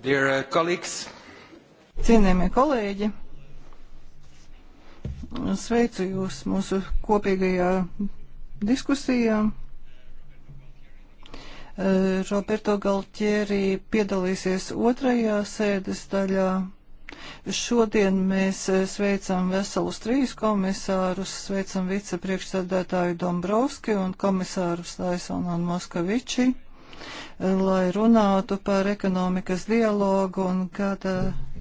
Dear uh, colleagues. Cienējamie kolēģi, sveicu jūs mūsu kopīgajā diskusijā. Uh, Roberto Galtieri piedalīsies otrajā sēdes daļā. Šodien mēs uh, sveicam veselus trīs komisārus, sveicam vicepriekšsēdētāju Dombrovski un komisārus Taisonu un Moskaviči lai runātu par ekonomikas dialogu un gada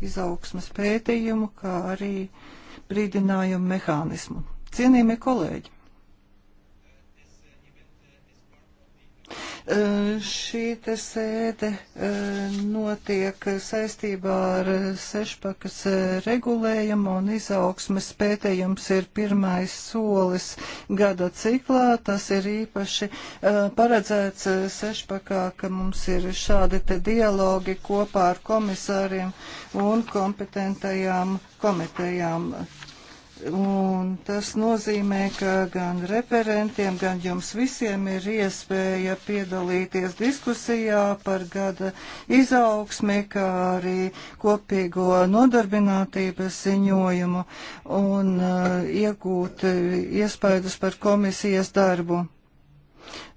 izaugsmas pētījumu, kā arī brīdinājumu mehānismu. Cienījamie kolēģi! Eh, šī te sēde eh, notiek saistībā ar sešpakas eh, regulējumu un izaugsmes pētējums ir pirmais solis gada ciklā. Tas ir īpaši paredzēts sešpakā, ka mums ir šādi te dialogi kopā ar komisāriem un kompetentajām komitejām. Un tas nozīmē, ka gan referentiem, gan jums visiem ir iespēja piedalīties diskusijā par gada izaugsmi, kā arī kopīgo nodarbinātības ziņojumu un uh, iegūt uh, iespējas par komisijas darbu.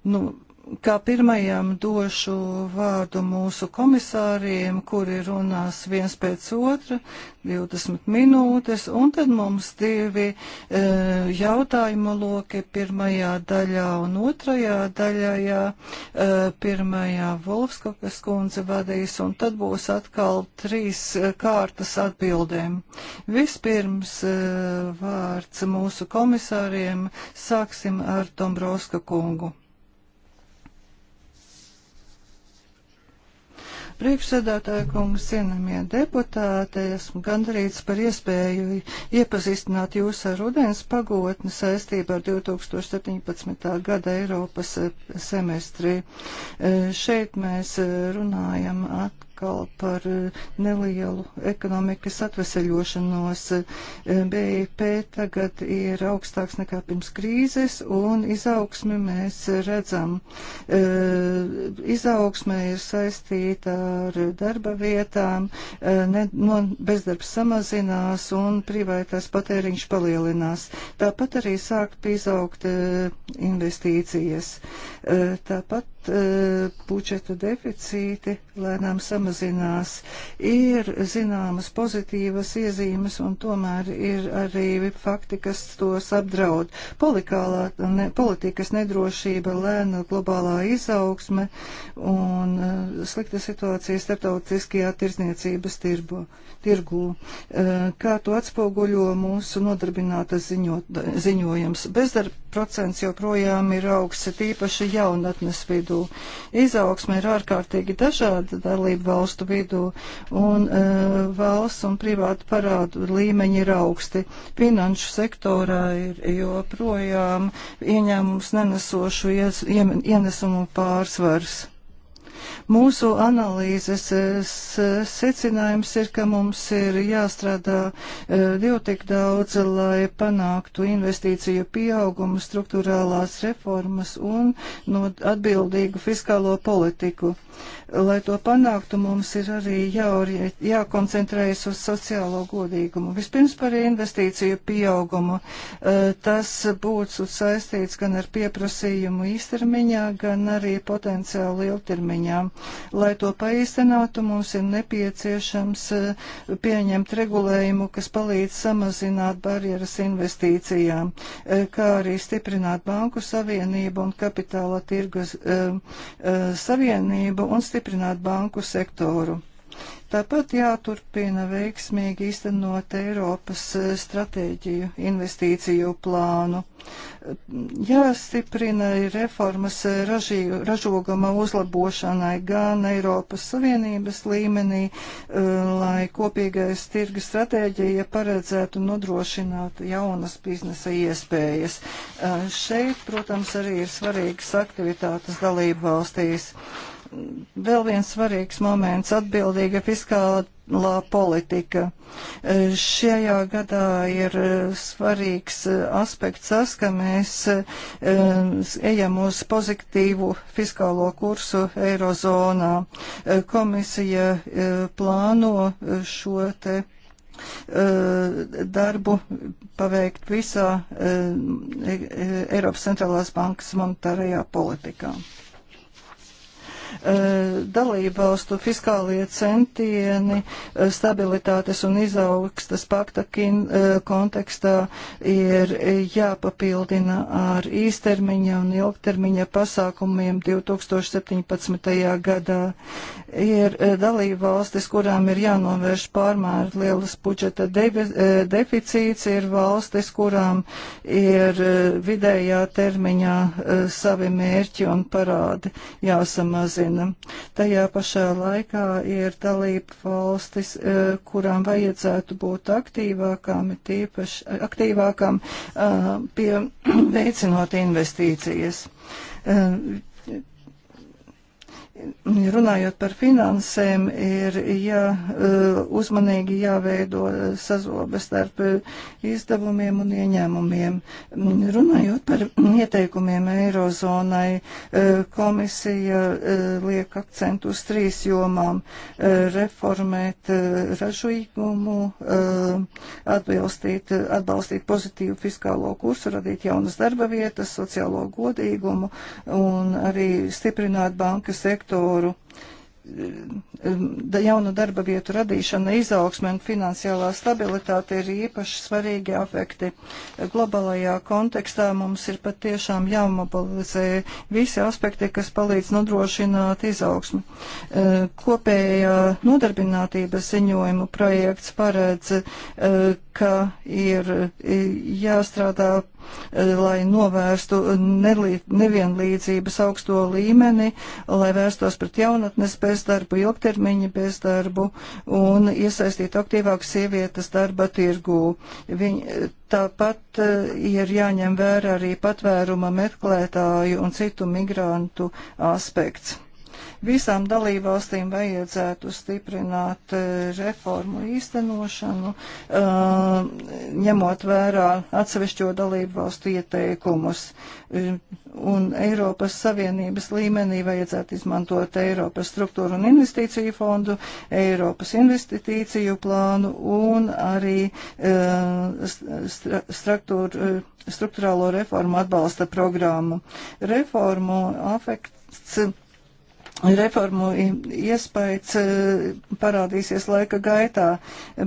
Nu, Kā pirmajam došu vārdu mūsu komisāriem, kuri runās viens pēc otra 20 minūtes, un tad mums divi e, jautājumu loki pirmajā daļā un otrajā daļā. E, pirmajā Volfskokas kundze vadīs, un tad būs atkal trīs e, kārtas atbildēm. Vispirms e, vārds mūsu komisāriem sāksim ar Dombrovska kungu. priekšsēdētāja kungs, cienamie deputāti, esmu gandarīts par iespēju iepazīstināt jūs ar rudens pagotni saistībā ar 2017. gada Eiropas eh, semestri. Eh, šeit mēs eh, runājam atkal atkal par eh, nelielu ekonomikas atveseļošanos. Eh, BIP tagad ir augstāks nekā pirms krīzes, un izaugsmi mēs redzam. Eh, izaugsme ir saistīta ar darba vietām, bezdarbs samazinās un privātais patēriņš palielinās. Tāpat arī sāk pieaugt investīcijas. Tāpat Eh, budžeta deficīti lēnām samazinās. Ir zināmas pozitīvas iezīmes un tomēr ir arī fakti, kas tos apdraud. Polikālā, ne, politikas nedrošība, lēna globālā izaugsme un uh, slikta situācija starptautiskajā tirzniecības tirbu, tirgū. Uh, kā to atspoguļo mūsu nodarbinātas ziņo, ziņojums? Bezdarba procents joprojām ir augsts, tīpaši jaunatnes vidū vidū. Izaugsme ir ārkārtīgi dažāda dalību valstu vidū, un uh, valsts un privātu parādu līmeņi ir augsti. Finanšu sektorā ir joprojām ieņēmums nenesošu ies, ienesumu pārsvars. Mūsu analīzes secinājums ir, ka mums ir jāstrādā jau e, tik daudz, lai panāktu investīciju pieaugumu, struktūrālās reformas un no atbildīgu fiskālo politiku. Lai to panāktu, mums ir arī jākoncentrējas uz sociālo godīgumu. Vispirms par investīciju pieaugumu. E, tas būtu saistīts gan ar pieprasījumu īstermiņā, gan arī potenciāli ilgtermiņā termiņā. Lai to paīstenotu, mums ir nepieciešams eh, pieņemt regulējumu, kas palīdz samazināt barjeras investīcijām, eh, kā arī stiprināt banku savienību un kapitāla tirgus eh, savienību un stiprināt banku sektoru. Tāpat jāturpina veiksmīgi īstenot Eiropas eh, stratēģiju investīciju plānu. Jāstiprina reformas eh, ražī, ražogama uzlabošanai gan Eiropas Savienības līmenī, eh, lai kopīgais tirga stratēģija paredzētu nodrošināt jaunas biznesa iespējas. Šeit, protams, arī ir svarīgas aktivitātes dalību valstīs vēl viens svarīgs moments - atbildīga fiskālā politika. E, šajā gadā ir svarīgs aspekts tas, ka mēs e, ejam uz pozitīvu fiskālo kursu Eirozonā. E, komisija plāno šo te darbu paveikt visā Eiropas centrālās bankas monetārajā politikā. Eh, dalībvalstu fiskālie centieni eh, stabilitātes un izaugstas pakta eh, kontekstā ir jāpapildina ar īstermiņa un ilgtermiņa pasākumiem 2017. gadā. Ir dalībvalstis, kurām ir jānovērš pārmēr lielas budžeta deficīts, ir valstis, kurām ir vidējā termiņā savi mērķi un parādi jāsamazina viena. Tajā pašā laikā ir dalība valstis, e, kurām vajadzētu būt aktīvākām, tīpaši e, aktīvākām e, pie veicinot investīcijas runājot par finansēm, ir jā, eh, uzmanīgi jāveido sazobe starp izdevumiem un ieņēmumiem. Runājot par ieteikumiem Eirozonai, eh, komisija eh, liek akcentu uz trīs jomām - reformēt ražīgumu, atbalstīt, atbalstīt pozitīvu fiskālo kursu, radīt jaunas darba vietas, sociālo godīgumu un arī stiprināt bankas sektoru struktūru eh, jaunu darba vietu radīšana, izaugsme un finansiālā stabilitāte ir īpaši svarīgi afekti. Globālajā kontekstā mums ir patiešām jāmobilizē visi aspekti, kas palīdz nodrošināt izaugsmu. Eh, kopējā nodarbinātības ziņojumu projekts paredz, eh, ka ir jāstrādā Eh, lai novērstu nevienlīdzības augsto līmeni, lai vērstos pret jaunatnes bezdarbu, ilgtermiņa bezdarbu un iesaistītu aktīvāk sievietes darba tirgū. Viņ, tāpat eh, ir jāņem vērā arī patvēruma meklētāju un citu migrantu aspekts. Visām dalībvalstīm vajadzētu stiprināt eh, reformu īstenošanu, eh, ņemot vērā atsevišķo dalībvalstu ieteikumus. Eh, un Eiropas Savienības līmenī vajadzētu izmantot Eiropas struktūru un investīciju fondu, Eiropas investīciju plānu un arī struktūru struktūrālo reformu atbalsta programmu. Reformu afekts Reformu iespējas e, parādīsies laika gaitā,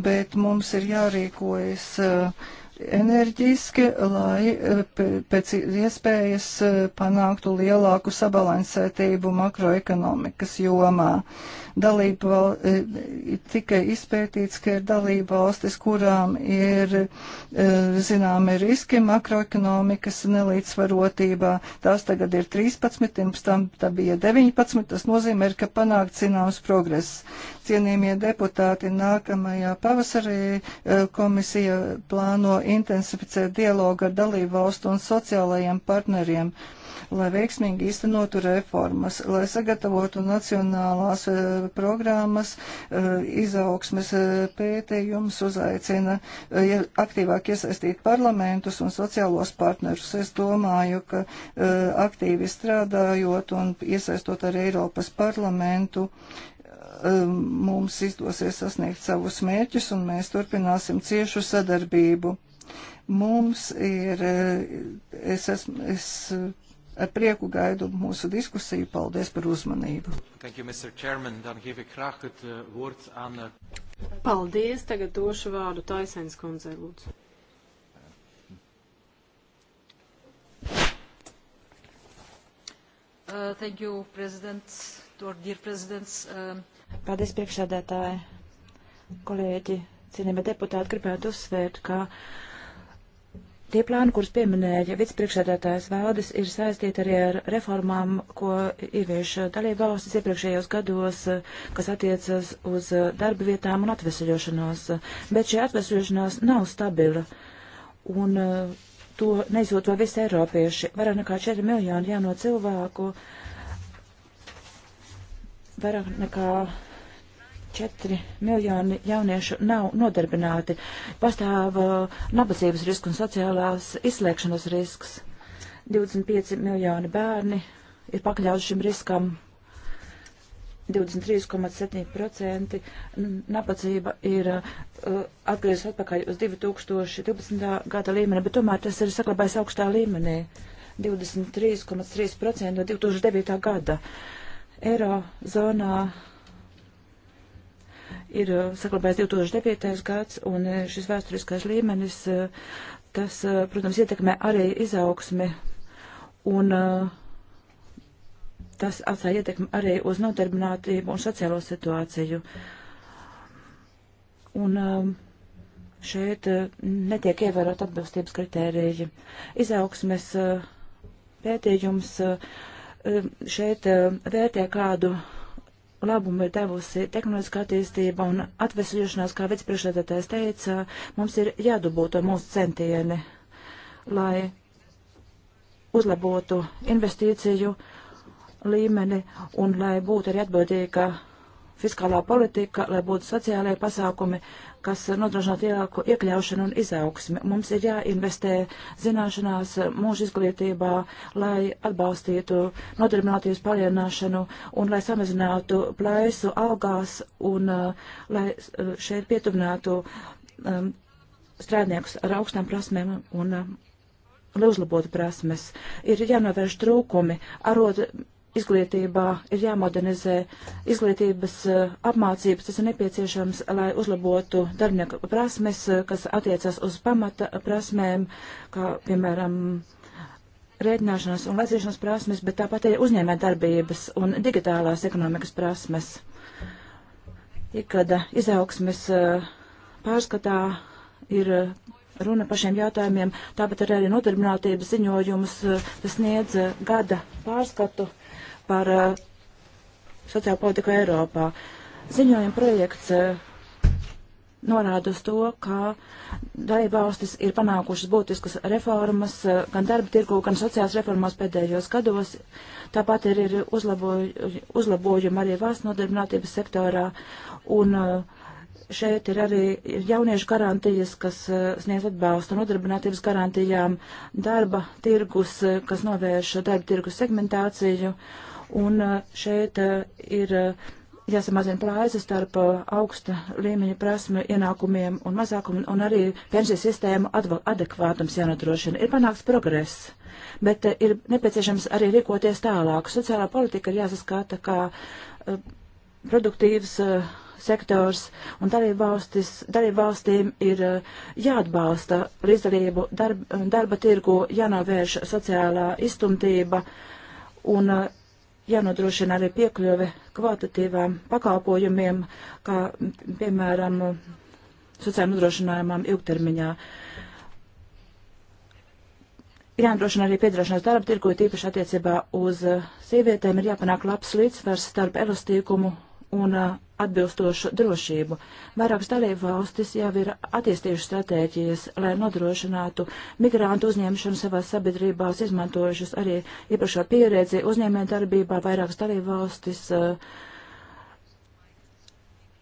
bet mums ir jārīkojas e, enerģiski, lai e, pēc iespējas panāktu lielāku sabalansētību makroekonomikas jomā. Uh, dalību val, e, e, tika izpētīts, ka ir dalību valstis, kurām ir e, zināmi riski makroekonomikas nelīdzvarotībā. Tās tagad ir 13, pirms tam tā bija 19, tas nozīmē, ka panākt zināms progress. Cienījamie deputāti, nākamajā pavasarī komisija plāno intensificēt dialogu ar dalību valstu un sociālajiem partneriem lai veiksmīgi īstenotu reformas, lai sagatavotu nacionālās eh, programmas, eh, izaugsmes eh, pētījums uzaicina aktīvāk iesaistīt parlamentus un sociālos partnerus. Es domāju, ka aktīvi strādājot un iesaistot ar Eiropas parlamentu, mums izdosies sasniegt savus mērķus un mēs turpināsim ciešu sadarbību. Mums ir, es, esmu, es Ar prieku gaidu mūsu diskusiju. Paldies par uzmanību. Thank you, Mr. Chairman. Dan geef ik graag het uh, woord aan... Uh... Paldies. Tagad došu vārdu Taisens kundzei, lūdzu. Uh, thank you, President, or dear Presidents. Uh... Um, Paldies, priekšsēdētāji, kolēģi, cienījamie deputāti, gribētu uzsvērt, ka uh, Tie plāni, kurus pieminēja vicepriekšsēdētājs Valdis, ir saistīti arī ar reformām, ko ievieš dalība valstis iepriekšējos gados, kas attiecas uz darba vietām un atvesaļošanos. Bet šī atvesaļošanās nav stabila. Un to neizjūto visi eiropieši. Vairāk nekā 4 miljoni jauno cilvēku, vairāk nekā 4 miljoni jauniešu nav nodarbināti. Pastāv uh, nabadzības risks un sociālās izslēgšanas risks. 25 miljoni bērni ir pakļauti šim riskam. 23,7% nabadzība ir uh, atgriezusies atpakaļ uz 2012. gada līmeni, bet tomēr tas ir saglabājis augstā līmenī. 23,3% no 2009. gada. Eiro zonā ir uh, saglabājis 2009. gads, un uh, šis vēsturiskais līmenis, uh, tas, protams, ietekmē arī izaugsmi, un tas atstāja ietekmi arī uz nodarbinātību un sociālo situāciju. Un um, šeit netiek ievērot atbilstības kritēriji. Izaugsmes pētījums um, šeit vērtē kādu labumu ir devusi tehnoloģiskā attīstība un atvesļošanās, kā vicepriekšsēdētājs teica, mums ir jādubūto mūsu centieni, lai uzlabotu investīciju līmeni un lai būtu arī atbildīga fiskālā politika, lai būtu sociālajie pasākumi, kas nodrošinātu lielāku iekļaušanu un izaugsmi. Mums ir jāinvestē zināšanās, mūža izglītībā, lai atbalstītu nodarbinātības palielināšanu un lai samazinātu plaisu algās un uh, lai uh, šeit pietuvinātu um, strādniekus ar augstām prasmēm un. Um, lai uzlabotu prasmes, ir jānovērš trūkumi, arot izglītībā ir jāmodernizē izglītības eh, apmācības, tas ir nepieciešams, lai uzlabotu darbinieku prasmes, eh, kas attiecas uz pamata prasmēm, kā piemēram rēķināšanas un lasīšanas prasmes, bet tāpat arī uzņēmē darbības un digitālās ekonomikas prasmes. Ikad izaugsmes eh, pārskatā ir runa par šiem jautājumiem, tāpat arī nodarbinātības ziņojumus, tas sniedz gada pārskatu. Uh, par uh, sociālo politiku Eiropā. Ziņojuma projekts uh, norāda uz to, ka dalībvalstis ir panākušas būtiskas reformas uh, gan darba tirgu, gan sociālās reformās pēdējos gados. Tāpat ir, ir uzlaboj, uzlabojumi arī valsts nodarbinātības sektorā. Un, uh, šeit ir arī jauniešu garantijas, kas sniedz atbalstu nodarbinātības garantijām, darba tirgus, kas novērš darba tirgus segmentāciju Un uh, šeit uh, ir uh, jāsamazina plājas starp augsta līmeņa prasmu ienākumiem un mazākumu, un arī pensiju sistēmu adekvātums jānodrošina. Ir panāks progress, bet ir nepieciešams arī rīkoties tālāk. Sociālā politika ir jāsaskata kā produktīvs sektors, un dalībvalstīm ir jāatbalsta līdzdalību darba, darba tirgu, jānovērš sociālā iztumtība, un jānodrošina arī piekļuve kvalitatīvām pakalpojumiem, kā piemēram sociālajiem nodrošinājumam ilgtermiņā. Ir jānodrošina arī piedarīšanās darba tirgu, tīpaši attiecībā uz sievietēm ir jāpanāk labs līdzsvars starp elastīgumu un atbilstošu drošību. Vairākas dalību valstis jau ir attīstījušas stratēģijas, lai nodrošinātu migrantu uzņemšanu savās sabiedrībās, izmantojušas arī iepriekšā pieredzi uzņēmē darbībā. Vairākas dalību valstis uh, eh,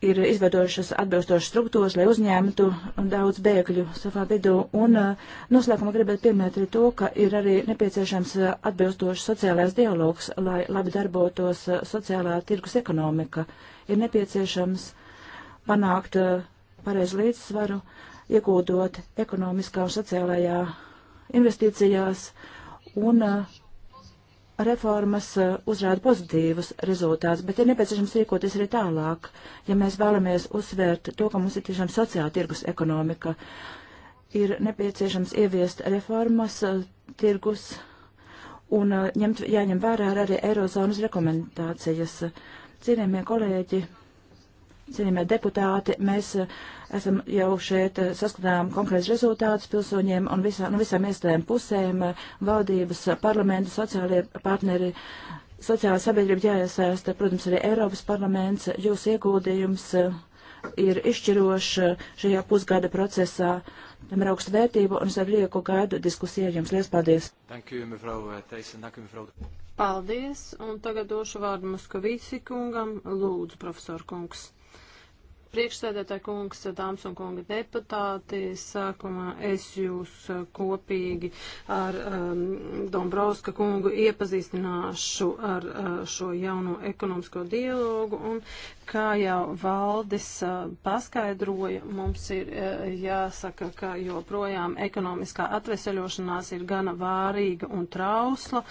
ir izveidojušas atbilstošas struktūras, lai uzņemtu daudz bēgļu savā vidū. Un uh, noslēgumā gribētu pieminēt arī to, ka ir arī nepieciešams uh, atbilstošs sociālais dialogs, lai labi darbotos uh, sociālā tirgus ekonomika. Ir nepieciešams panākt pareizu līdzsvaru, iegūdot ekonomiskā un sociālajā investīcijās un uh, reformas eh, uzrāda pozitīvus rezultātus, bet ir nepieciešams rīkoties arī tālāk, ja mēs vēlamies uzsvērt to, ka mums ir tiešām sociāla tirgus ekonomika. Ir nepieciešams ieviest reformas eh, tirgus un eh, ņemt, jāņem vērā arī Eirozonas rekomendācijas. Cienījamie kolēģi, cienījamie deputāti, mēs eh, esam jau šeit eh, saskatām konkrēts rezultātus pilsoņiem un visā, no visām iestādēm pusēm, eh, valdības, parlamentu, sociālie partneri, sociālā sabiedrība jāiesaista, protams, arī Eiropas parlaments, jūs ieguldījums ir izšķirošs šajā pusgada procesā. Tam ir augsta vērtība un es ar lieku gaidu diskusiju ar jums. Lies paldies! Uh, paldies, un tagad došu vārdu Moskavīci kungam. Lūdzu, profesor kungs. Priekšsēdētāji kungs, dāmas un kungi deputāti, sākumā es jūs uh, kopīgi ar um, Dombrovska kungu iepazīstināšu ar uh, šo jauno ekonomisko dialogu un, kā jau valdis uh, paskaidroja, mums ir uh, jāsaka, ka joprojām ekonomiskā atveseļošanās ir gana vārīga un trausla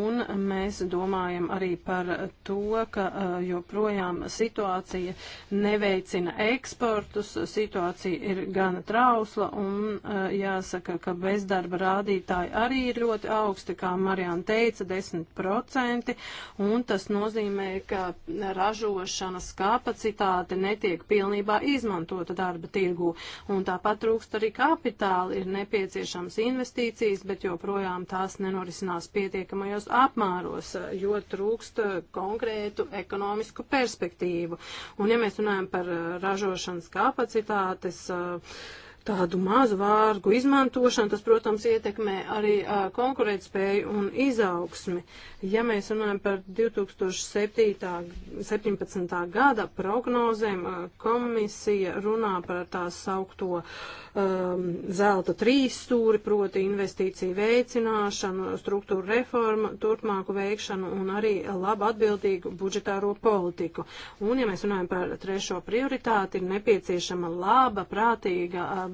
un mēs domājam arī par to, ka uh, joprojām situācija neveicina veicina eksportus, situācija ir gana trausla un eh, jāsaka, ka bezdarba rādītāji arī ir ļoti augsti, kā Marijāna teica, 10%, un tas nozīmē, ka ražošanas kapacitāte netiek pilnībā izmantota darba tirgu, un tāpat trūkst arī kapitāli, ir nepieciešams investīcijas, bet joprojām tās nenorisinās pietiekamajos apmēros, jo trūkst konkrētu ekonomisku perspektīvu. Un, ja mēs runājam par uh, ražošanas kapacitātes. Uh, tādu mazu vārgu izmantošanu, tas, protams, ietekmē arī uh, konkurētspēju un izaugsmi. Ja mēs runājam par 2017. gada prognozēm, uh, komisija runā par tās saukto um, zelta trīsstūri, proti investīciju veicināšanu, struktūru reformu, turpmāku veikšanu un arī labu atbildīgu budžetāro politiku. Un, ja mēs runājam par trešo prioritāti, ir nepieciešama laba, prātīga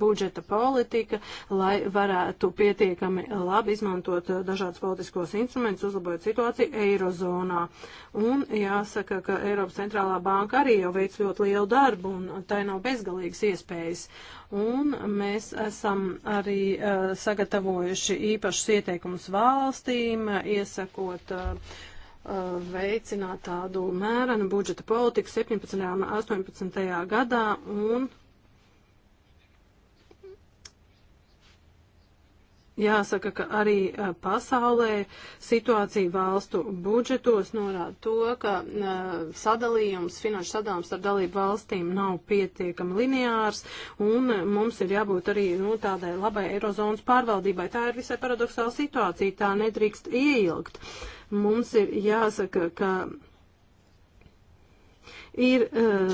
budžeta politika, lai varētu pietiekami labi izmantot eh, dažādus politiskos instrumentus, uzlabojot situāciju Eirozonā. Un jāsaka, ka Eiropas centrālā banka arī jau veic ļoti lielu darbu, un tai nav bezgalīgas iespējas. Un mēs esam arī uh, sagatavojuši īpašus ieteikumus valstīm, iesakot uh, veicināt tādu mērenu budžeta politiku 17. un 18. gadā un Jāsaka, ka arī pasaulē situācija valstu budžetos norāda to, ka sadalījums, finanšu sadalījums ar dalību valstīm nav pietiekami lineārs, un mums ir jābūt arī nu, tādai labai eirozonas pārvaldībai. Tā ir visai paradoxāla situācija, tā nedrīkst ieilgt. Mums ir jāsaka, ka Ir uh,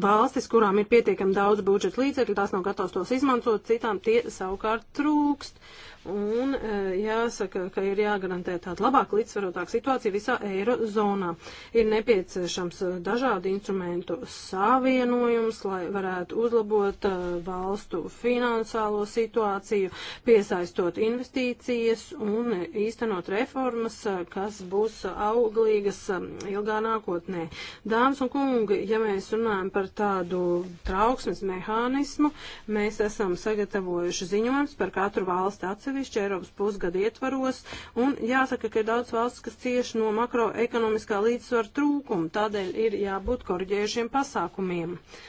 valstis, kurām ir pietiekami daudz budžeta līdzekļu, tās nav gatavas tos izmantot, citām tie savukārt trūkst. Un uh, jāsaka, ka ir jāgarantē tāda labāka līdzsvarotāka situācija visā eirozonā. Ir nepieciešams eh, dažādu instrumentu savienojums, lai varētu uzlabot uh, valstu finansiālo situāciju, piesaistot investīcijas un īstenot reformas, kas būs auglīgas ilgā nākotnē. Dā Dāmas un kungi, ja mēs runājam par tādu trauksmes mehānismu, mēs esam sagatavojuši ziņojums par katru valsti atsevišķi Eiropas pusgada ietvaros, un jāsaka, ka ir daudz valsts, kas cieši no makroekonomiskā līdzsvara trūkuma, tādēļ ir jābūt korģējušiem pasākumiem. Uh,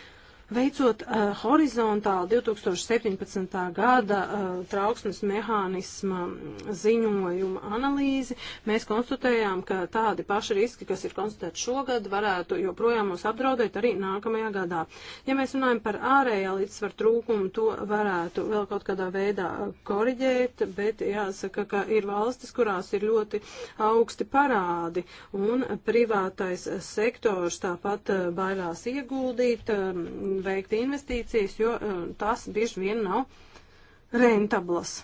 Veicot uh, horizontāli 2017. gada uh, trauksmes mehānisma mm, ziņojuma analīzi, mēs konstatējām, ka tādi paši riski, kas ir konstatēti šogad, varētu joprojām mūs apdraudēt arī nākamajā gadā. Ja mēs runājam par ārējā līdzsvaru trūkumu, to varētu vēl kaut kādā veidā uh, koriģēt, bet jāsaka, ka ir valstis, kurās ir ļoti augsti parādi un privātais sektors tāpat uh, bailās ieguldīt um, veikt investīcijas, jo e, tās bieži vien nav rentablas.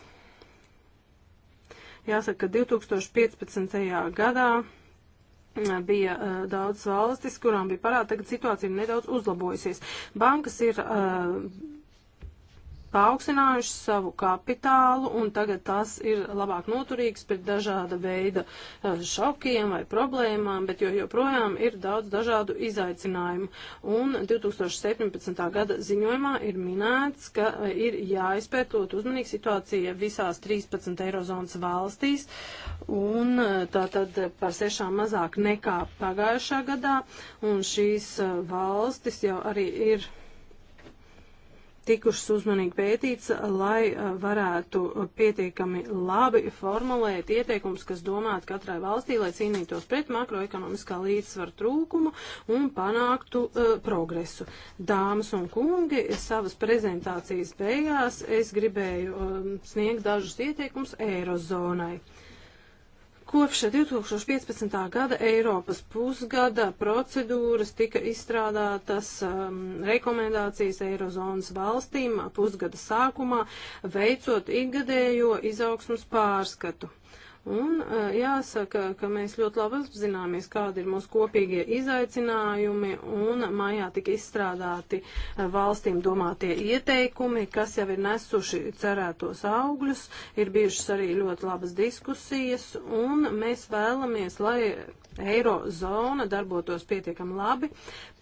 Jāsaka, ka 2015. gadā e, bija uh, e, daudz valstis, kurām bija parādi, tagad situācija ir nedaudz uzlabojusies. Bankas ir uh, paaugstinājušas savu kapitālu un tagad tas ir labāk noturīgs pret dažāda veida eh, šokiem vai problēmām, bet jo joprojām ir daudz dažādu izaicinājumu. Un 2017. gada ziņojumā ir minēts, ka eh, ir jāizpētot uzmanīgi situācija visās 13 eirozonas valstīs un eh, tātad par sešām mazāk nekā pagājušā gadā un šīs valstis jau arī ir tikušas uzmanīgi pētīts, lai uh, varētu pietiekami labi formulēt ieteikums, kas domāt katrai valstī, lai cīnītos pret makroekonomiskā līdzsvaru trūkumu un panāktu uh, progresu. Dāmas un kungi, savas prezentācijas beigās es gribēju um, sniegt dažus ieteikums Eirozonai. Uh, Kopš 2015. gada Eiropas pusgada procedūras tika izstrādātas um, rekomendācijas Eirozonas valstīm pusgada sākumā, veicot ikgadējo izaugsmus pārskatu. Un e, jāsaka, ka mēs ļoti labi apzināmies, kādi ir mūsu kopīgie izaicinājumi, un mājā tika izstrādāti e, valstīm domātie ieteikumi, kas jau ir nesuši cerētos augļus, ir bijušas arī ļoti labas diskusijas, un mēs vēlamies, lai eirozona darbotos pietiekami labi.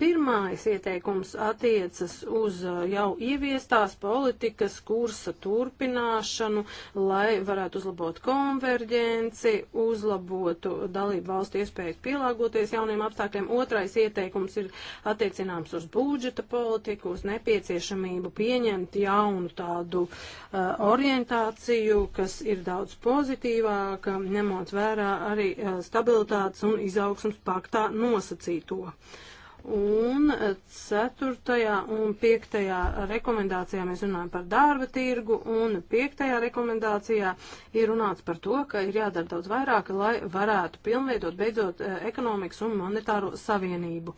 Pirmais ieteikums attiecas uz e, jau ieviestās politikas kursa turpināšanu, lai varētu uzlabot konverģenci konverģenci, uzlabotu dalību valstu iespējas pielāgoties jauniem apstākļiem. Otrais ieteikums ir attiecināms uz budžeta politiku, uz nepieciešamību pieņemt jaunu tādu uh, orientāciju, kas ir daudz pozitīvāka, ņemot vērā arī uh, stabilitātes un izaugsmas paktā nosacīto. Uh, Un ceturtajā un piektajā rekomendācijā mēs runājam par darba tirgu, un piektajā rekomendācijā ir runāts par to, ka ir jādara daudz vairāk, lai varētu pilnveidot beidzot eh, ekonomikas un monetāro savienību.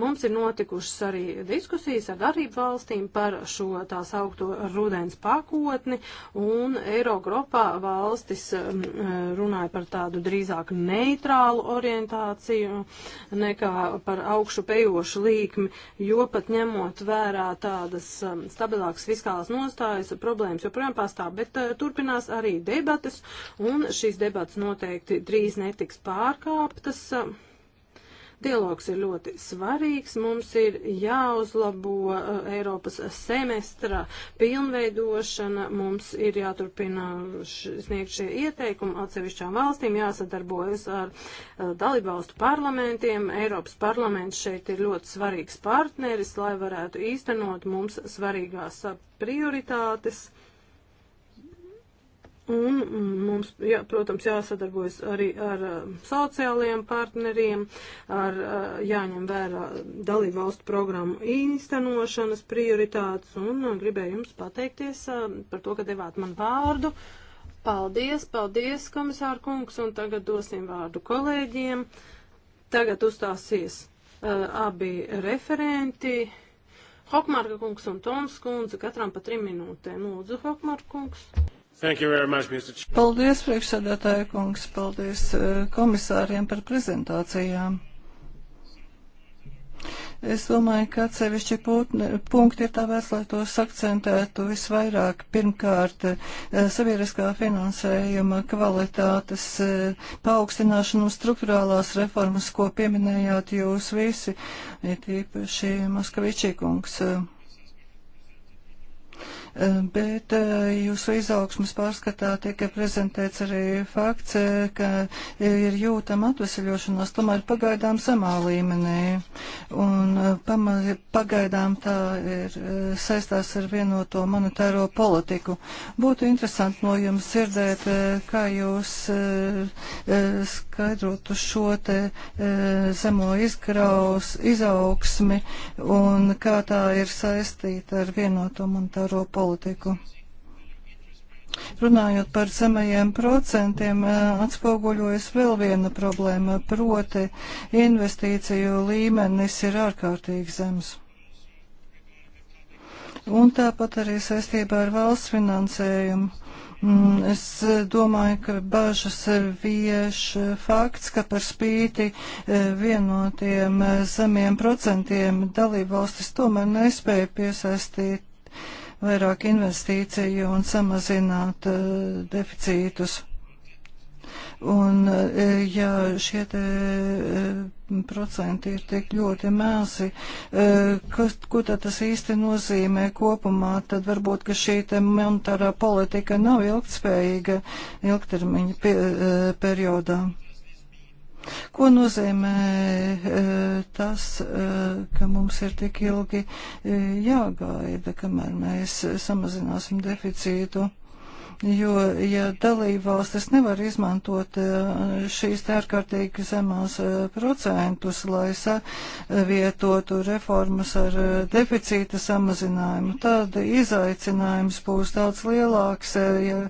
Mums ir notikušas arī diskusijas ar darību valstīm par šo tās augto rudens pakotni, un Eirogropā valstis mm, eh, runāja par tādu drīzāk neitrālu orientāciju nekā par augšu pēju klejošu līkmi, jo pat ņemot vērā tādas um, stabilākas fiskālas nostājas, problēmas joprojām pastāv, bet uh, turpinās arī debates, un šīs debates noteikti drīz netiks pārkāptas. Uh, Dialogs ir ļoti svarīgs. Mums ir jāuzlabo uh, Eiropas semestra pilnveidošana. Mums ir jāturpina sniegt šie ieteikumi atsevišķām valstīm, jāsadarbojas ar uh, dalībvalstu parlamentiem. Eiropas parlaments šeit ir ļoti svarīgs partneris, lai varētu īstenot mums svarīgās uh, prioritātes Un mm, mums, jā, protams, jāsadarbojas arī ar um, sociālajiem partneriem, ar uh, jāņem vērā dalību valstu programmu īstenošanas prioritātes, un uh, gribēju jums pateikties um, par to, ka devāt man vārdu. Paldies, paldies, komisāra kungs, un tagad dosim vārdu kolēģiem. Tagad uzstāsies uh, abi referenti. Hokmarka kungs un Toms kundze, katram pa trim minūtēm. Lūdzu, Hokmarka kungs. Much, paldies, priekšsēdētāja kungs, paldies eh, komisāriem par prezentācijām. Es domāju, ka atsevišķi punkti ir tāpēc, lai tos akcentētu visvairāk. Pirmkārt, eh, sabiedriskā finansējuma kvalitātes eh, paaugstināšanu un struktūrālās reformas, ko pieminējāt jūs visi, ir tīpaši Moskavičī kungs. Eh, bet eh, jūsu izaugsmas pārskatā tika prezentēts arī fakts, eh, ka ir jūtama atvesaļošanās, tomēr pagaidām samā līmenī. Un pama, pagaidām tā ir saistās ar vienoto monetāro politiku. Būtu interesanti no jums dzirdēt, kā jūs skaidrotu šo te zemo izgraus, izaugsmi un kā tā ir saistīta ar vienoto monetāro politiku politiku. Runājot par zemajiem procentiem, eh, atspoguļojas vēl viena problēma, proti investīciju līmenis ir ārkārtīgi zems. Un tāpat arī saistībā ar valsts finansējumu. Mm, es domāju, ka bažas vieš fakts, ka par spīti eh, vienotiem zemiem eh, procentiem dalībvalstis tomēr nespēja piesaistīt vairāk investīciju un samazināt uh, deficītus. Un, eh, ja šie te eh, procenti ir tik ļoti mēsi, kas, ko tad tas īsti nozīmē kopumā, tad varbūt, ka šī te monetārā politika nav ilgtspējīga ilgtermiņa periodā. Ko nozīmē e, tas, e, ka mums ir tik ilgi e, jāgaida, kamēr mēs samazināsim deficītu? jo, ja dalībvalstis nevar izmantot eh, šīs ārkārtīgi zemās eh, procentus, lai savietotu reformas ar eh, deficīta samazinājumu, tad izaicinājums būs daudz lielāks, ja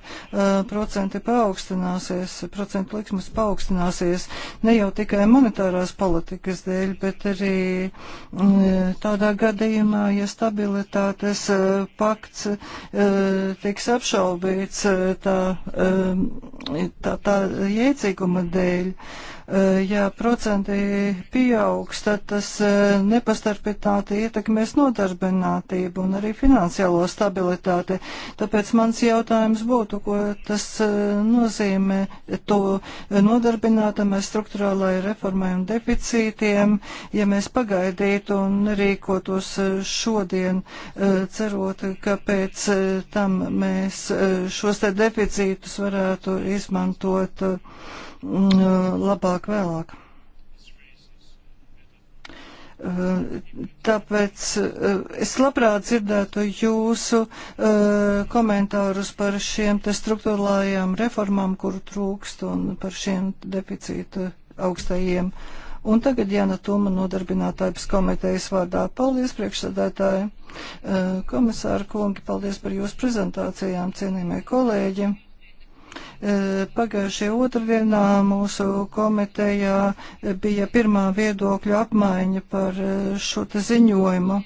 procenti paaugstināsies, procentu liksmas paaugstināsies ne jau tikai monetārās politikas dēļ, bet arī tādā gadījumā, ja stabilitātes pakts tiks apšaubīts, tā, um, tā, tā jēdzīguma dēļ. Eh, ja procenti pieaugs, tad tas eh, nepastarpināti ietekmēs nodarbinātību un arī finansiālo stabilitāti. Tāpēc mans jautājums būtu, ko tas eh, nozīmē to nodarbinātamai struktūrālai reformai un deficītiem, ja mēs pagaidītu un nerīkotos šodien, cerot, ka pēc tam mēs šos te deficītus varētu izmantot Mm, labāk vēlāk. Tāpēc es labprāt dzirdētu jūsu komentārus par šiem te struktūrālajām reformām, kuru trūkst, un par šiem deficītu augstajiem. Un tagad Jāna Tuma nodarbinātājs komitejas vārdā. Paldies, priekšsēdētāji, komisāra kungi, paldies par jūsu prezentācijām, cienījamie kolēģi. E, pagājušajā otrdienā mūsu komitejā bija pirmā viedokļu apmaiņa par e, šo te ziņojumu.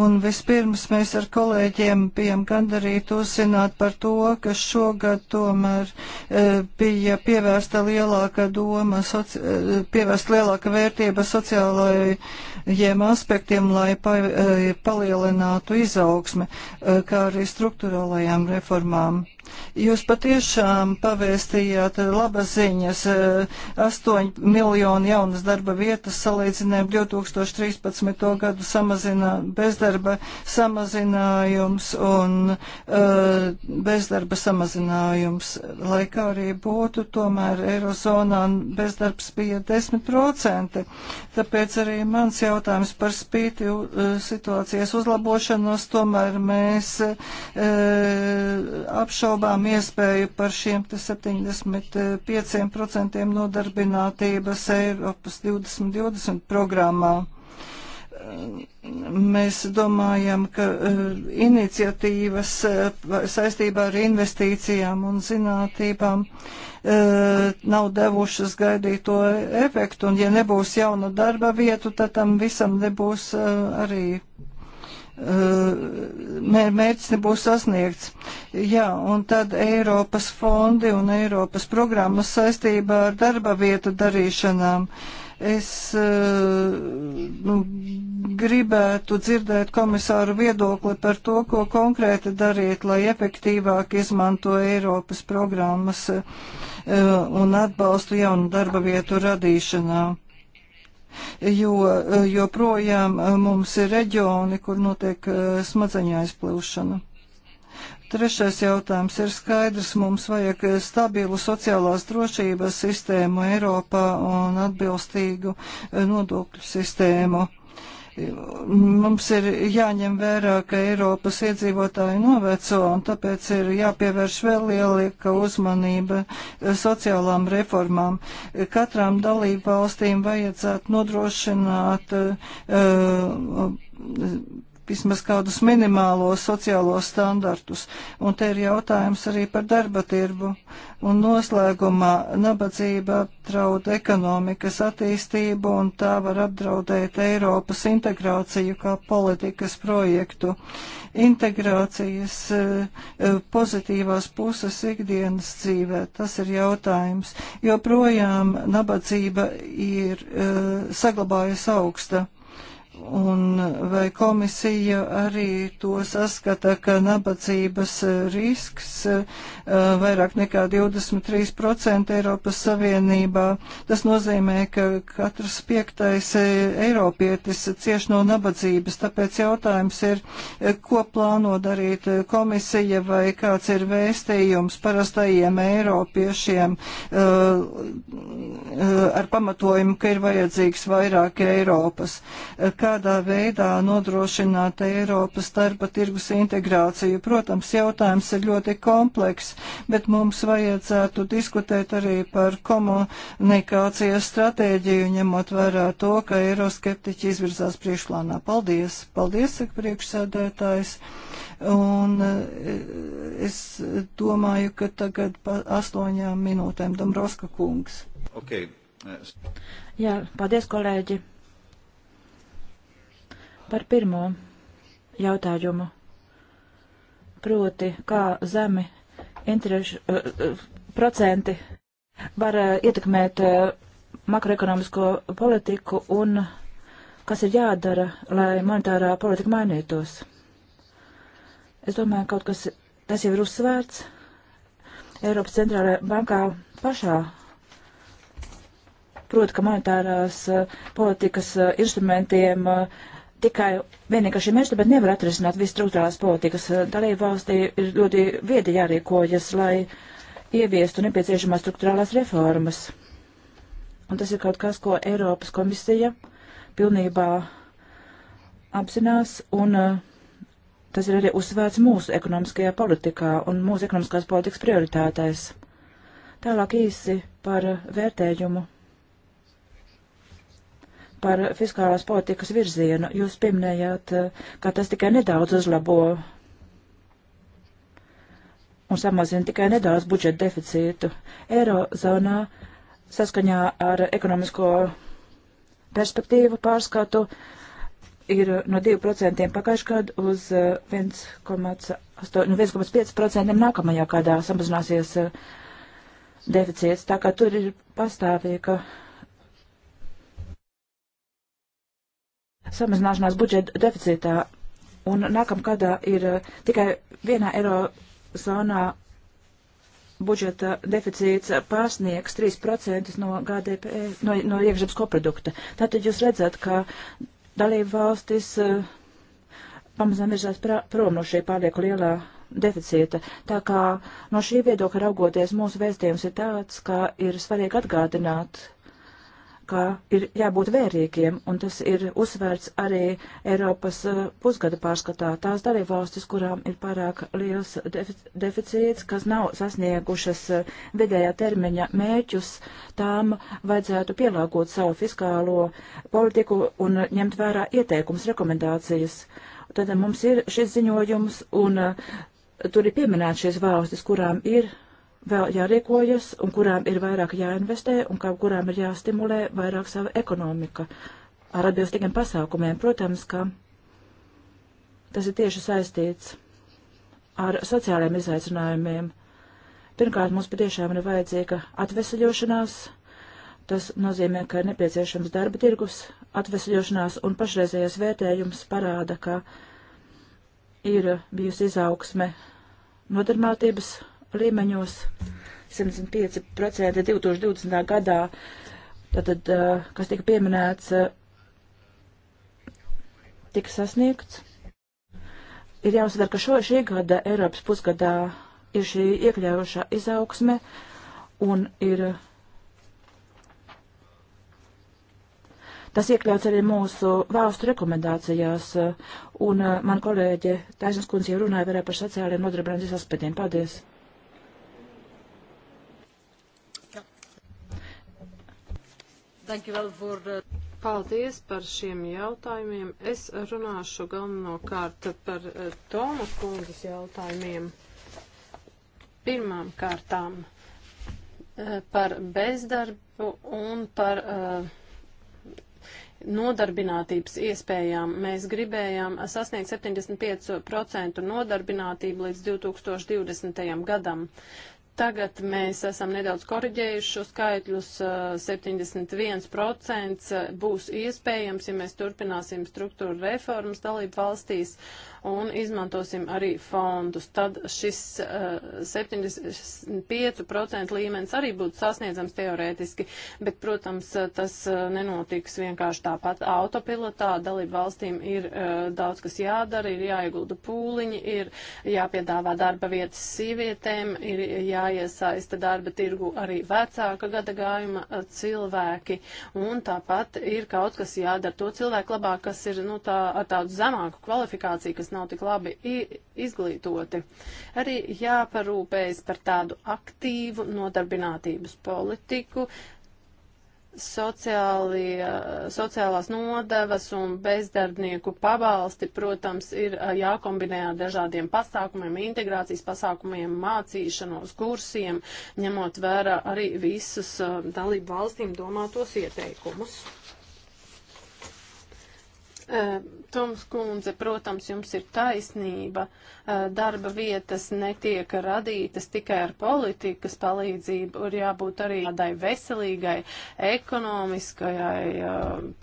Un vispirms mēs ar kolēģiem bijām gandarīti uzzināt par to, ka šogad tomēr e, bija pievērsta lielāka doma, soci, e, pievērsta lielāka vērtība sociālajiem aspektiem, lai pa, e, palielinātu izaugsme, e, kā arī struktūrālajām reformām. Jūs patiešām pavēstījāt labas ziņas. 8 miljonu jaunas darba vietas salīdzinājumi 2013. gadu samazinā, bezdarba samazinājums un uh, bezdarba samazinājums. Lai kā arī būtu, tomēr Eirozonā bezdarbs bija 10%. Tāpēc arī mans jautājums par spīti uh, situācijas uzlabošanos, tomēr mēs uh, apšaubām apšaubām iespēju par šiem 75% nodarbinātības Eiropas 2020 programmā mēs domājam, ka eh, iniciatīvas eh, saistībā ar investīcijām un zinātībām eh, nav devušas gaidīto efektu, un ja nebūs jauna darba vietu, tad tam visam nebūs arī mēr, mērķis nebūs sasniegts. Jā, un tad Eiropas fondi un Eiropas programmas saistībā ar darba vietu darīšanām. Es e, nu, gribētu dzirdēt komisāru viedokli par to, ko konkrēti darīt, lai efektīvāk izmanto Eiropas programmas e, un atbalstu jaunu darba vietu radīšanā jo eh, joprojām eh, mums ir reģioni, kur notiek eh, smadzeņu aizplūšana. Trešais jautājums ir skaidrs. Mums vajag stabilu sociālās drošības sistēmu Eiropā un atbilstīgu nodokļu sistēmu. Mums ir jāņem vērā, ka Eiropas iedzīvotāji noveco, un tāpēc ir jāpievērš vēl lielāka uzmanība sociālām reformām. Katrām dalību valstīm vajadzētu nodrošināt uh, vismaz kādus minimālos sociālos standartus. Un te ir jautājums arī par darba tirbu. Un noslēgumā nabadzība apdraud ekonomikas attīstību un tā var apdraudēt Eiropas integrāciju kā politikas projektu. Integrācijas eh, eh, pozitīvās puses ikdienas dzīvē, tas ir jautājums. Joprojām nabadzība ir eh, saglabājusi augsta. Un vai komisija arī to saskata, ka nabadzības risks eh, vairāk nekā 23% Eiropas Savienībā? Tas nozīmē, ka katrs piektais eh, eiropietis cieš no nabadzības. Tāpēc jautājums ir, eh, ko plāno darīt komisija vai kāds ir vēstījums parastajiem eiropiešiem ar pamatojumu, ka ir vajadzīgs vairāk Eiropas. Kā kādā veidā nodrošināt Eiropas darba tirgus integrāciju. Protams, jautājums ir ļoti kompleks, bet mums vajadzētu diskutēt arī par komunikācijas stratēģiju, ņemot vērā to, ka eiroskeptiķi izvirzās priekšplānā. Paldies! Paldies, saka priekšsēdētājs! Un eh, es domāju, ka tagad pa astoņām minūtēm Dombrovska kungs. Okay. Jā, paldies, kolēģi. Par pirmo jautājumu. Proti, kā zemi interešu uh, procenti var uh, ietekmēt uh, makroekonomisko politiku un kas ir jādara, lai monetārā politika mainītos. Es domāju, kaut kas, tas jau ir uzsvērts Eiropas centrālajā bankā pašā. Proti, ka monetārās politikas instrumentiem uh, tikai vienīgi šiem instrumentiem nevar atrisināt visu struktūrās politikas. Dalību valstī ir ļoti viedi jārīkojas, lai ieviestu nepieciešamās struktūrālās reformas. Un tas ir kaut kas, ko Eiropas komisija pilnībā apzinās, un tas ir arī uzsvērts mūsu ekonomiskajā politikā un mūsu ekonomiskās politikas prioritātēs. Tālāk īsi par vērtējumu par fiskālās politikas virzienu. Jūs pieminējāt, eh, ka tas tikai nedaudz uzlabo un samazina tikai nedaudz budžeta deficītu. Eirozonā saskaņā ar ekonomisko perspektīvu pārskatu ir no 2% pagājušajā gadu uz 1,5% eh, nu nākamajā gadā samazināsies eh, deficīts. Tā kā tur ir pastāvīga samazināšanās budžeta deficītā, un nākamgadā ir eh, tikai vienā eiro zonā budžeta deficīts pārsniegs 3% no GDP, no, no iekšzemes koprodukta. Tātad jūs redzat, ka dalību valstis eh, pamazām virzās prom no šī pārlieku lielā deficīta. Tā kā no šī viedokļa raugoties, mūsu vēstījums ir tāds, ka ir svarīgi atgādināt ka ir jābūt vērīgiem, un tas ir uzsvērts arī Eiropas eh, pusgada pārskatā. Tās dalībvalstis, kurām ir pārāk liels deficīts, kas nav sasniegušas eh, vidējā termiņa mērķus, tām vajadzētu pielāgot savu fiskālo politiku un ņemt vērā ieteikums, rekomendācijas. Tad mums ir šis ziņojums, un eh, tur ir pieminēts šīs valstis, kurām ir vēl jārīkojas un kurām ir vairāk jāinvestē un kā kurām ir jāstimulē vairāk sava ekonomika ar atbilstīgiem pasākumiem. Protams, ka tas ir tieši saistīts ar sociālajiem izaicinājumiem. Pirmkārt, mums patiešām ir vajadzīga atvesaļošanās. Tas nozīmē, ka ir nepieciešams darba tirgus atvesaļošanās un pašreizējais vērtējums parāda, ka ir bijusi izaugsme nodarbinātības līmeņos 75% 2020. gadā, tātad, kas tika pieminēts, tika sasniegts. Ir jāuzsver, ka šo, šī gada Eiropas pusgadā ir šī iekļaujošā izaugsme un ir. Tas iekļauts arī mūsu valstu rekomendācijās, un man kolēģe Taisnes kundze jau runāja vairāk par sociālajiem nodarbinātības aspektiem. Paldies! Paldies par šiem jautājumiem. Es runāšu galvenokārt par eh, Toma kundzes jautājumiem. Pirmām kārtām eh, par bezdarbu un par uh, nodarbinātības iespējām. Mēs gribējām sasniegt 75% nodarbinātību līdz 2020. gadam. Tagad mēs esam nedaudz koriģējuši šo skaitļus. 71% eh, eh, būs iespējams, ja mēs turpināsim struktūra reformas dalību valstīs. Uh, un izmantosim arī fondus. Tad šis uh, eh, 75% līmenis arī būtu sasniedzams teorētiski, bet, protams, eh, tas uh, nenotiks vienkārši tāpat autopilotā. Dalību valstīm ir uh, daudz, kas jādara, ir jāiegulda pūliņi, ir jāpiedāvā darba vietas sievietēm, ir jāiesaista darba tirgu arī vecāka gada gājuma cilvēki, un tāpat ir kaut kas jādara to cilvēku labāk, kas ir nu, tā, ar tādu zemāku kvalifikāciju, kas nav tik labi izglītoti. Arī jāparūpējas par tādu aktīvu nodarbinātības politiku, sociāli, sociālās nodevas un bezdarbnieku pabalsti, protams, ir jākombinē ar dažādiem pasākumiem, integrācijas pasākumiem, mācīšanos, kursiem, ņemot vērā arī visus dalību valstīm domātos ieteikumus. Toms kundze, protams, jums ir taisnība. Darba vietas netiek radītas tikai ar politikas palīdzību, ir jābūt arī tādai veselīgai, ekonomiskajai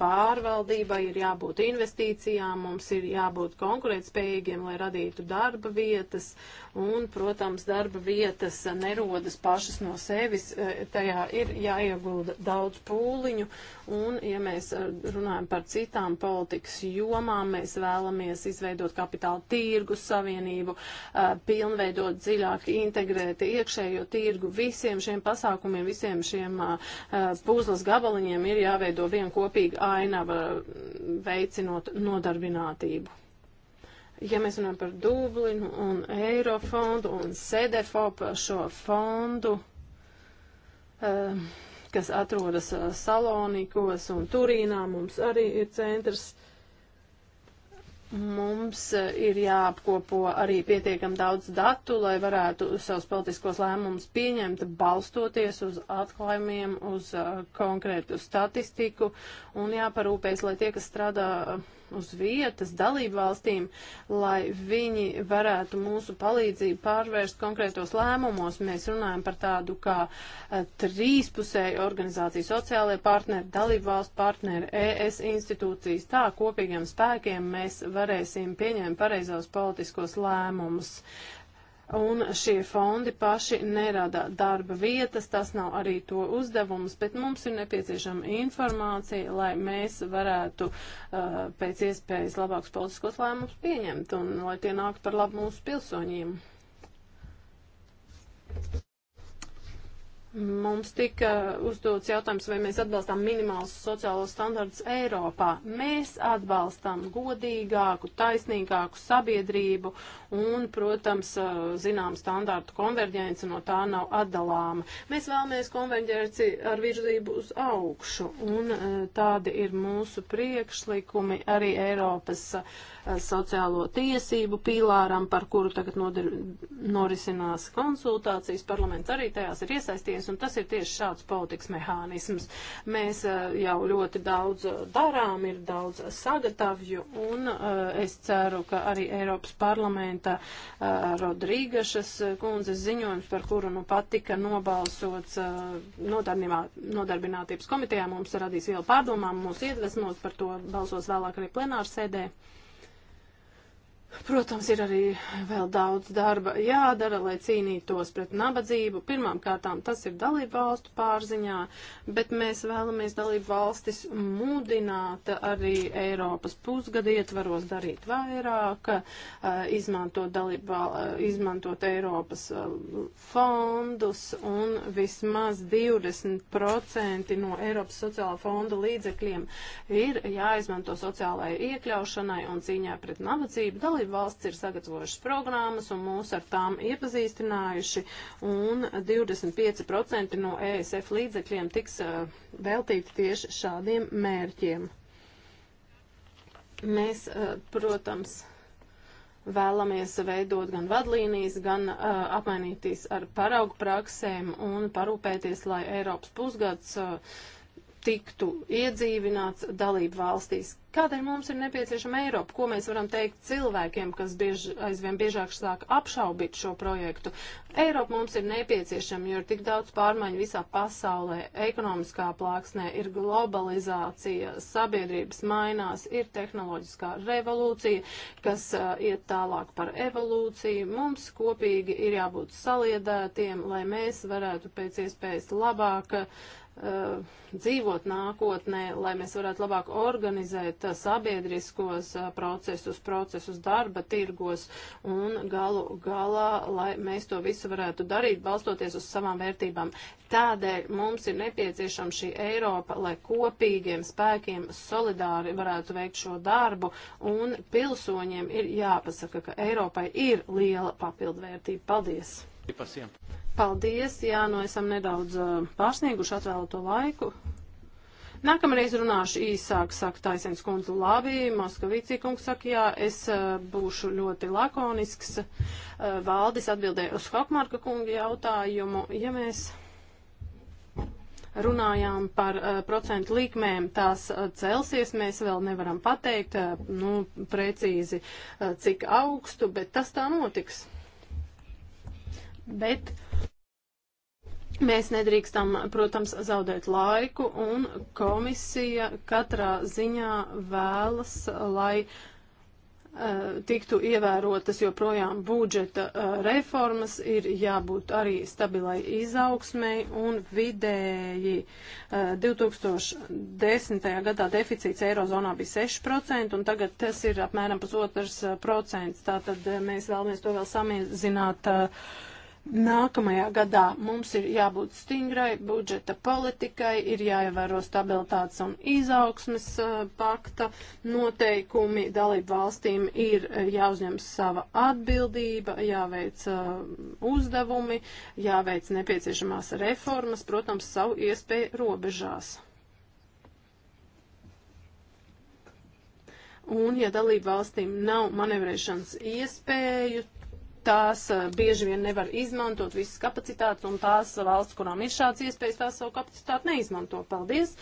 pārvaldībai, ir jābūt investīcijām, mums ir jābūt konkurētspējīgiem, lai radītu darba vietas, un, protams, darba vietas nerodas pašas no sevis, tajā ir jāiegulda daudz pūliņu, un, ja mēs runājam par citām politikas ekonomikas jomā. Mēs vēlamies izveidot kapitāla tirgu savienību, pilnveidot dziļāk integrēt iekšējo tirgu. Visiem šiem pasākumiem, visiem šiem puzles gabaliņiem ir jāveido viena kopīga ainava, veicinot nodarbinātību ja mēs runājam par Dublinu un Eirofondu un Sedefop šo fondu, kas atrodas Salonikos un Turīnā, mums arī ir centrs. Mums e, ir jāapkopo arī pietiekam daudz datu, lai varētu savus politiskos lēmumus pieņemt, balstoties uz atklājumiem, uz e, konkrētu statistiku un jāparūpēs, lai tie, kas strādā uh, uz vietas dalību valstīm, lai viņi varētu mūsu palīdzību pārvērst konkrētos lēmumos. Mēs runājam par tādu kā eh, trīspusēju organizāciju sociālajie partneri, dalību valstu partneri, ES institūcijas. Tā kopīgiem spēkiem mēs varēsim pieņemt pareizos politiskos lēmumus. Uh, un šie fondi paši nerada darba vietas, tas nav arī to uzdevums, bet mums ir nepieciešama informācija, lai mēs varētu uh, pēc iespējas labākus politiskos lēmumus pieņemt un lai tie nāktu par labu mūsu pilsoņiem. Mums tika uzdots jautājums, vai mēs atbalstām minimālus sociālos standartus Eiropā. Mēs atbalstām godīgāku, taisnīgāku sabiedrību un, protams, zinām standārtu konverģenci no tā nav atdalāma. Mēs vēlamies konverģenci ar virzību uz augšu un tādi ir mūsu priekšlikumi arī Eiropas uh, Eh, sociālo tiesību pīlāram, par kuru tagad nodir, norisinās konsultācijas. Parlaments arī tajās ir iesaistījies, un tas ir tieši šāds politikas mehānisms. Mēs eh, jau ļoti daudz eh, darām, ir daudz sagatavju, un es ceru, ka arī Eiropas parlamenta Rodrīgašas kundzes ziņojums, par kuru nu pat tika nobalsots nodarbinātības komitejā, mums radīs vielu pārdomām, mūs iedvesmos par to balsos vēlāk arī plenārsēdē. Ar Protams, ir arī vēl daudz darba jādara, lai cīnītos pret nabadzību. Pirmām kārtām tas ir dalību valstu pārziņā, bet mēs vēlamies dalību valstis mudināt arī Eiropas pusgadu ietvaros darīt vairāk, eh, izmantot, dalību, eh, izmantot Eiropas eh, fondus un vismaz 20% no Eiropas sociāla fonda līdzekļiem ir jāizmanto sociālajai iekļaušanai un cīņā pret nabadzību. Dalību Dalība valsts ir sagatavojušas programmas un mūs ar tām iepazīstinājuši, un 25% no ESF līdzekļiem tiks uh, veltīti tieši šādiem mērķiem. Mēs, uh, protams, vēlamies veidot gan vadlīnijas, gan uh, apmainīties ar paraugu praksēm un parūpēties, lai Eiropas pusgads uh, tiktu iedzīvināts dalību valstīs, Kādēļ mums ir nepieciešama Eiropa? Ko mēs varam teikt cilvēkiem, kas biež, aizvien biežāk sāk apšaubīt šo projektu? Eiropa mums ir nepieciešama, jo ir tik daudz pārmaiņu visā pasaulē. Ekonomiskā plāksnē ir globalizācija, sabiedrības mainās, ir tehnoloģiskā revolūcija, kas uh, iet tālāk par evolūciju. Mums kopīgi ir jābūt saliedētiem, lai mēs varētu pēc iespējas labāk uh, Eh, dzīvot nākotnē, lai mēs varētu labāk organizēt eh, sabiedriskos eh, procesus, procesus darba tirgos un galu galā, lai mēs to visu varētu darīt, balstoties uz savām vērtībām. Tādēļ mums ir nepieciešama šī Eiropa, lai kopīgiem spēkiem solidāri varētu veikt šo darbu, un pilsoņiem ir jāpasaka, ka Eiropai ir liela papildvērtība. Paldies! Paldies, jā, nu esam nedaudz pārsnieguši atvēlēto laiku. Nākamreiz runāšu īsāk, saka Taisens kundze, labi, Moskavīcī kungs saka, jā, es būšu ļoti lakonisks. Valdis atbildēja uz Hokmarka kunga jautājumu. Ja mēs runājām par uh, procentu likmēm, tās uh, celsies, mēs vēl nevaram pateikt, uh, nu, precīzi, cik augstu, bet tas tā notiks bet mēs nedrīkstam, protams, zaudēt laiku, un komisija katrā ziņā vēlas, lai eh, tiktu ievērotas joprojām budžeta eh, reformas, ir jābūt arī stabilai izaugsmei un vidēji 2010. Eh, gadā deficīts Eirozonā bija 6% un tagad tas ir apmēram pusotrs procents. Tātad mēs vēlamies to vēl samazināt. Uh, Nākamajā gadā mums ir jābūt stingrai budžeta politikai, ir jāievēro stabilitātes un izaugsmes eh, pakta noteikumi, dalību valstīm ir eh, jāuzņems sava atbildība, jāveic eh, uzdevumi, jāveic nepieciešamās reformas, protams, savu iespēju robežās. Un, ja dalību valstīm nav manevrēšanas iespēju, tās eh, bieži vien nevar izmantot visas kapacitātes, un tās valsts, kurām ir šāds iespējas, tās savu kapacitāti neizmanto. Paldies!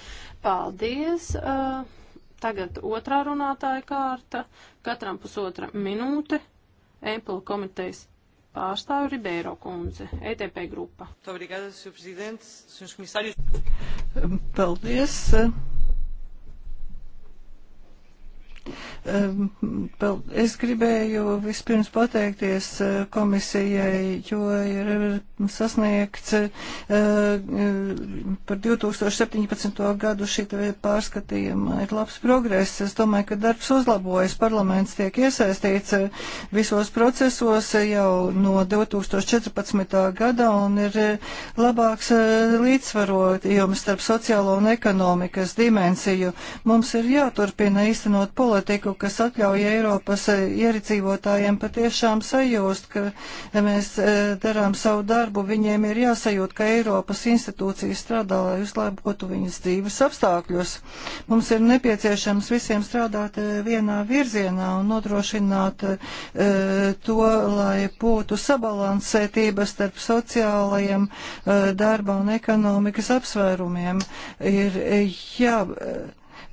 Paldies! Eh, tagad otrā runātāja kārta, katram pusotra minūte, Emplu komitejas pārstāvi Ribeiro kundze, ETP grupa. Paldies! Es gribēju vispirms pateikties eh, komisijai, jo ir eh, sasniegts eh, par 2017. gadu šī pārskatījuma ir labs progress. Es domāju, ka darbs uzlabojas, parlaments tiek iesaistīts visos procesos jau no 2014. gada un ir labāks līdzsvarotījums starp sociālo un ekonomikas dimensiju. Mums ir jāturpina īstenot politiku politiku, kas atļauj Eiropas eh, ierīcīvotājiem patiešām sajūst, ka ja eh, mēs eh, darām savu darbu, viņiem ir jāsajūt, ka Eiropas institūcijas strādā, lai uzlabotu viņas dzīves apstākļus. Mums ir nepieciešams visiem strādāt vienā virzienā un nodrošināt uh, to, lai būtu sabalansētība starp sociālajiem uh, darba un ekonomikas apsvērumiem. Ir, jā,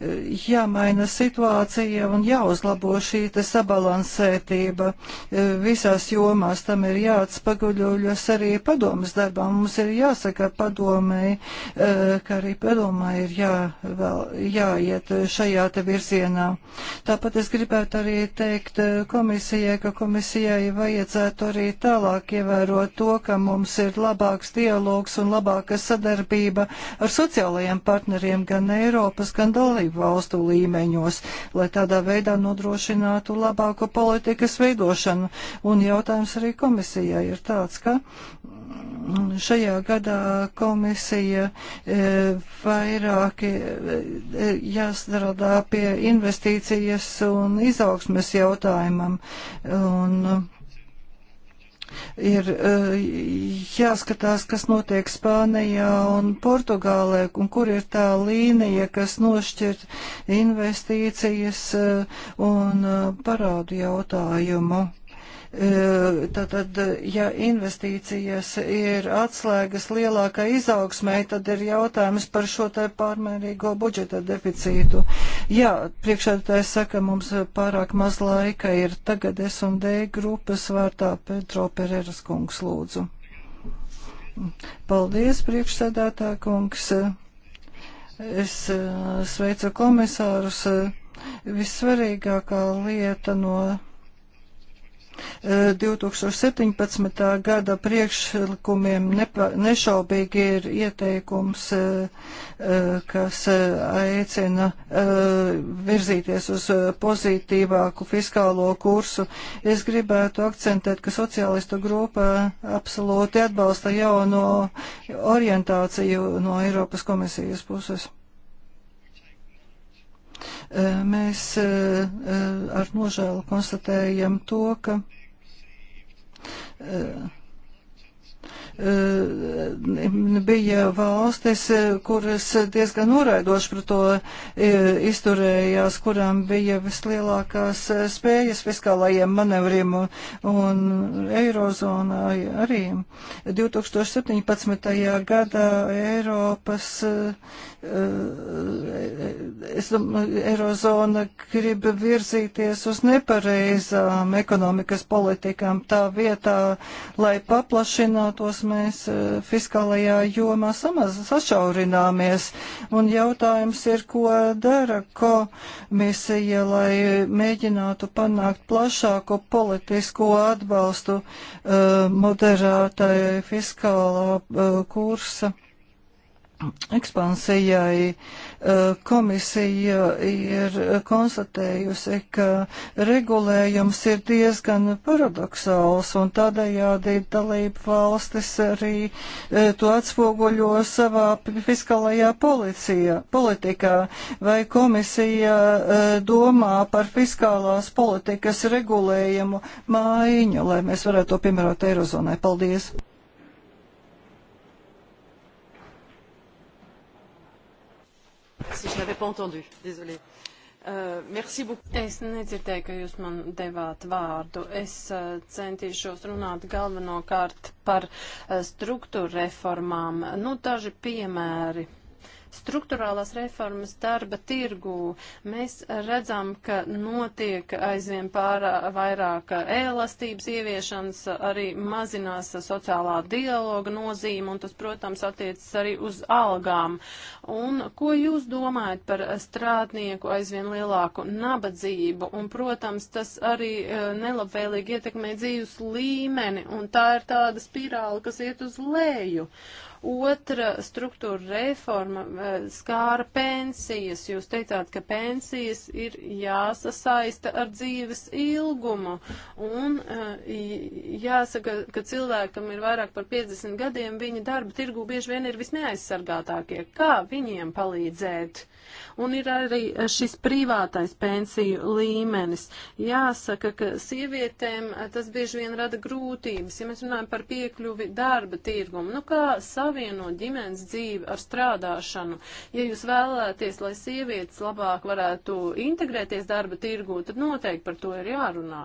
jāmaina situācija un jāuzlabo šī sabalansētība e, visās jomās. Tam ir jāatspaguļojas arī padomas darbā. Mums ir jāsaka padomai, e, ka arī padomai ir jā, vēl, jāiet šajā te virzienā. Tāpat es gribētu arī teikt e, komisijai, ka komisijai vajadzētu arī tālāk ievērot to, ka mums ir labāks dialogs un labāka sadarbība ar sociālajiem partneriem gan Eiropas, gan dalību dalību valstu līmeņos, lai tādā veidā nodrošinātu labāku politikas veidošanu. Un jautājums arī komisijai ir tāds, ka mm, šajā gadā komisija e, vairāk e, e, jāstrādā pie investīcijas un izaugsmes jautājumam. Un, ir eh, jāskatās, kas notiek Spānijā un Portugālē, un kur ir tā līnija, kas nošķir investīcijas eh, un eh, parādu jautājumu. E, tātad, ja investīcijas ir atslēgas lielākai izaugsmai, tad ir jautājums par šo te pārmērīgo budžeta deficītu. Jā, priekšētājs saka, mums pārāk maz laika ir. Tagad es un D grupas vārtā Pedro Pereras kungs lūdzu. Paldies, priekšsēdētā kungs. Es e, sveicu komisārus. Vissvarīgākā lieta no 2017. Eh, gada priekšlikumiem nepa, nešaubīgi ir ieteikums, eh, eh, kas aicina virzīties uz pozitīvāku fiskālo kursu. Es gribētu akcentēt, ka sociālistu grupa absolūti atbalsta jauno orientāciju no Eiropas komisijas puses. Mēs ar nožēlu konstatējam to, ka Ehm, bija valstis, kuras diezgan noraidoši par to e, izturējās, kurām bija vislielākās spējas fiskālajiem manevriem un eirozonā arī. 2017. gadā Eiropas, e, e, es domāju, eirozona grib virzīties uz nepareizām ekonomikas politikām tā vietā, lai paplašinātu vienotos, mēs eh, fiskālajā jomā samaz, sašaurināmies. Un jautājums ir, ko dara komisija, lai mēģinātu panākt plašāku politisko atbalstu eh, moderātai fiskālā eh, kursa ekspansijai. Uh, Komisija ir konstatējusi, ka regulējums ir diezgan paradoxāls un tādējādi dalība valstis arī e, to atspoguļo savā fiskālajā policija, politikā. Vai komisija e, domā par fiskālās politikas regulējumu mājiņu, lai mēs varētu to piemērot Eirozonai? Paldies! si je n'avais pas entendu. Désolée. Uh, merci beaucoup. Es nedzirdēju, ka jūs man devāt vārdu. Es uh, centīšos runāt galvenokārt par uh, struktūra reformām. Nu, daži piemēri struktūrālās reformas darba tirgū. Mēs redzam, ka notiek aizvien pārā vairāk elastības ieviešanas, arī mazinās sociālā dialoga nozīme, un tas, protams, attiecas arī uz algām. Un ko jūs domājat par strādnieku aizvien lielāku nabadzību? Un, protams, tas arī eh, nelabvēlīgi ietekmē dzīves līmeni, un tā ir tāda spirāla, kas iet uz leju. Otra struktūra reforma eh, skāra pensijas. Jūs teicāt, ka pensijas ir jāsasaista ar dzīves ilgumu. Un eh, jāsaka, ka cilvēkam ir vairāk par 50 gadiem, viņa darba tirgu bieži vien ir visneaizsargātākie. Kā viņiem palīdzēt? Un ir arī eh, šis privātais pensiju līmenis. Jāsaka, ka sievietēm tas bieži vien rada grūtības, ja mēs runājam par piekļuvi darba tirgumu. Nu, kā savieno ģimenes dzīvi ar strādāšanu. Ja jūs vēlēties, lai sievietes labāk varētu integrēties darba tirgū, tad noteikti par to ir jārunā.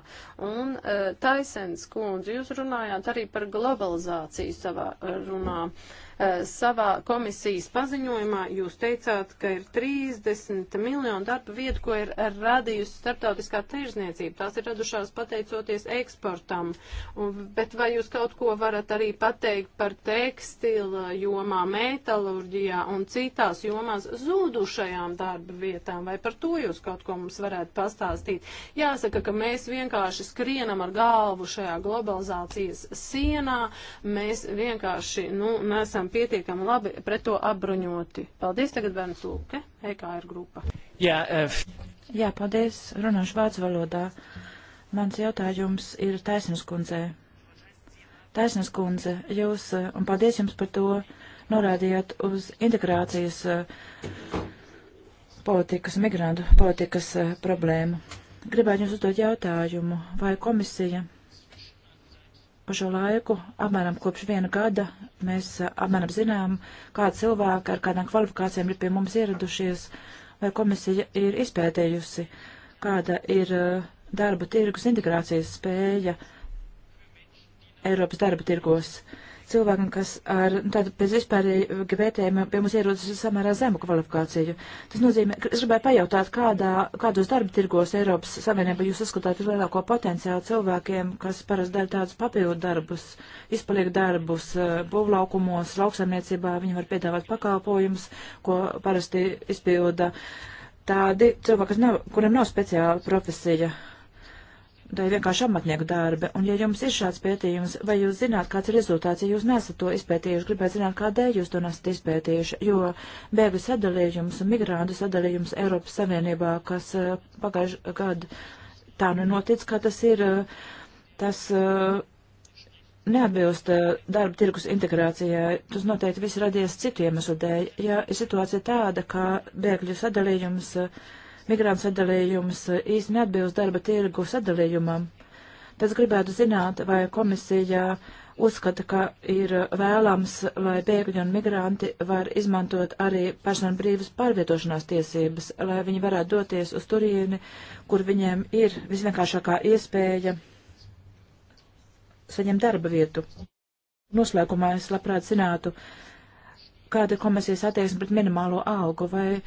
Un uh, Taisens kundze, jūs runājāt arī par globalizāciju savā eh, runā. Uh, Eh, savā komisijas paziņojumā jūs teicāt, ka ir 30 miljonu darba vietu, ko ir radījusi starptautiskā tirzniecība. Tās ir radušās pateicoties eksportam. Un, bet vai jūs kaut ko varat arī pateikt par tekstila jomā, metalurģijā un citās jomās zūdušajām darba vietām? Vai par to jūs kaut ko mums varētu pastāstīt? Jāsaka, ka mēs vienkārši skrienam ar galvu šajā globalizācijas sienā. Mēs vienkārši, nu, nesam esam pietiekami labi pret to apbruņoti. Paldies tagad Bērns Lūke, EKR grupa. Jā, uh... Jā, paldies. Runāšu vācu valodā. Mans jautājums ir taisnes kundzē. Taisnes kundze, jūs, eh, un paldies jums par to, norādījāt uz integrācijas eh, politikas, migrantu politikas problēmu. Gribētu jums uzdot jautājumu, vai komisija šo laiku, apmēram kopš viena gada, mēs eh, apmēram zinām, kāda cilvēka ar kādām kvalifikācijām ir pie mums ieradušies, vai komisija ir izpētējusi, kāda ir eh, darba tirgus integrācijas spēja Eiropas darba tirgos. Uh, cilvēkiem, kas ar nu, tādu pēc vispārīgi eh, vērtējuma pie mums ierodas samērā zemu kvalifikāciju. Tas nozīmē, ka es gribēju pajautāt, kādā, kādos darba tirgos Eiropas Savienībā jūs uzskatāt lielāko potenciālu cilvēkiem, kas parasti dara tādus papildu darbus, izpaliek darbus eh, būvlaukumos, lauksaimniecībā, viņi var piedāvāt pakalpojumus, ko parasti izpilda tādi cilvēki, kuriem nav speciāla profesija. Tā ir vienkārši amatnieku darbi, un ja jums ir šāds pētījums, vai jūs zināt, kāds ir rezultāts, ja jūs nesat to izpētījuši, gribētu zināt, kādēļ jūs to nesat izpētījuši, jo bēgļu sadalījums un migrāntu sadalījums Eiropas Savienībā, kas eh, pagājuši gadu tā nu notic, ka tas ir, eh, tas eh, neatbilst darba tirkus integrācijai, tas noteikti viss radies citu iemeslu dēļ. Ja ir situācija tāda, ka bēgļu sadalījums. Uh, migrāntu sadalījums eh, īsti neatbilst darba tirgu sadalījumam. Tas gribētu zināt, vai komisija uzskata, ka ir vēlams, lai bēgļi un migranti var izmantot arī personu brīvas pārvietošanās tiesības, lai viņi varētu doties uz turieni, kur viņiem ir visvienkāršākā iespēja saņemt darba vietu. Noslēgumā es labprāt zinātu, kāda ir komisijas attieksme pret minimālo algu, vai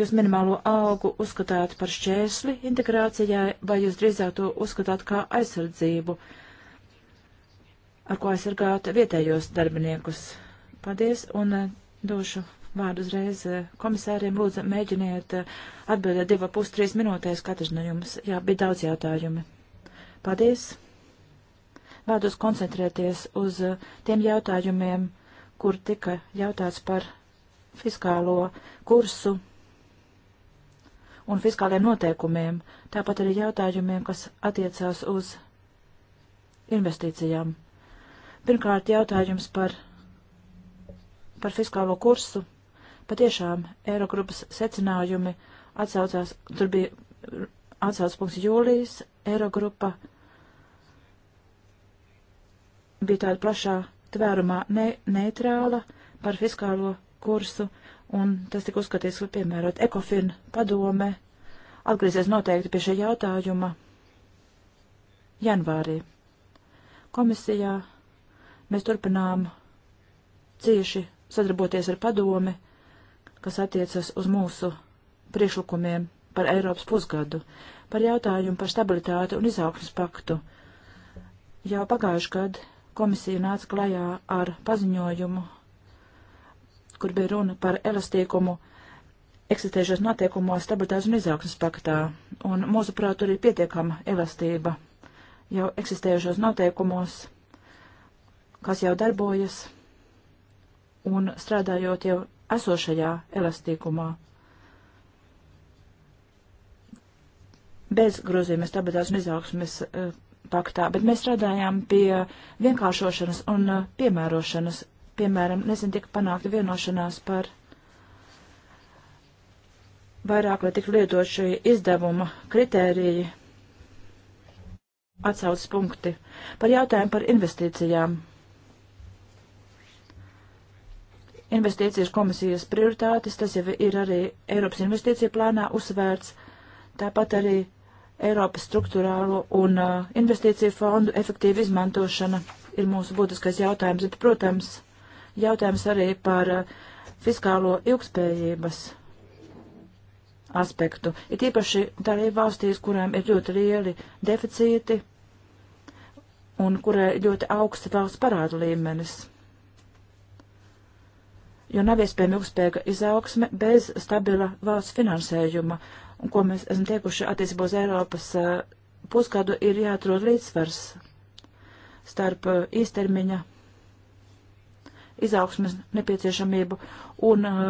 jūs minimālo algu uzskatāt par šķēsli integrācijai, vai jūs drīzāk to uzskatāt kā aizsardzību, ar ko aizsargāt vietējos darbiniekus? Paldies, un eh, došu vārdu uzreiz eh, komisāriem. Lūdzu, mēģiniet eh, atbildēt divā pus trīs minūtēs katrs no jums. Jā, bija daudz jautājumi. Paldies! Vārdos koncentrēties uz tiem jautājumiem, kur tika jautāts par fiskālo kursu un fiskāliem noteikumiem, tāpat arī jautājumiem, kas attiecās uz investīcijām. Pirmkārt, jautājums par, par fiskālo kursu. Patiešām Eirogrupas secinājumi atsaucās, tur bija atsaucas punkts jūlijas, Eirogrupa bija tāda plašā tvērumā ne, neitrāla par fiskālo kursu, un tas tika uzskatīts, ka piemērot ekofin padome atgriezies noteikti pie šī jautājuma janvārī. Komisijā mēs turpinām cieši sadarboties ar padomi, kas attiecas uz mūsu priešlikumiem par Eiropas pusgadu, par jautājumu par stabilitāti un izaugsmas paktu. Jau pagājuši gadu komisija nāca klajā ar paziņojumu kur bija runa par elastīgumu eksistējušos noteikumos stabilitātes un izaugsmas paktā. Un mūsuprāt, tur ir pietiekama elastība jau eksistējušos noteikumos, kas jau darbojas un strādājot jau esošajā elastīgumā. Bez grozījuma stabilitātes un izaugsmes eh, paktā, bet mēs strādājām pie vienkāršošanas un eh, piemērošanas Piemēram, nesen tika panākta vienošanās par vairāk vai tik lietošie izdevuma kritēriji atsaucas punkti par jautājumu par investīcijām. Investīcijas komisijas prioritātes, tas jau ir arī Eiropas investīcija plānā uzsvērts, tāpat arī Eiropas struktūrālo un uh, investīciju fondu efektīva izmantošana ir mūsu būtiskais jautājums, bet, protams, jautājums arī par uh, fiskālo ilgspējības aspektu. Ir īpaši dalība valstīs, kurām ir ļoti lieli deficīti un kurai ļoti augsts valsts parādu līmenis. Jo nav iespējama ilgspējīga izaugsme bez stabila valsts finansējuma, un ko mēs esam teikuši attiecībā uz Eiropas uh, puskadu, ir jāatrod līdzsvars starp uh, īstermiņa izaugsmas nepieciešamību un uh,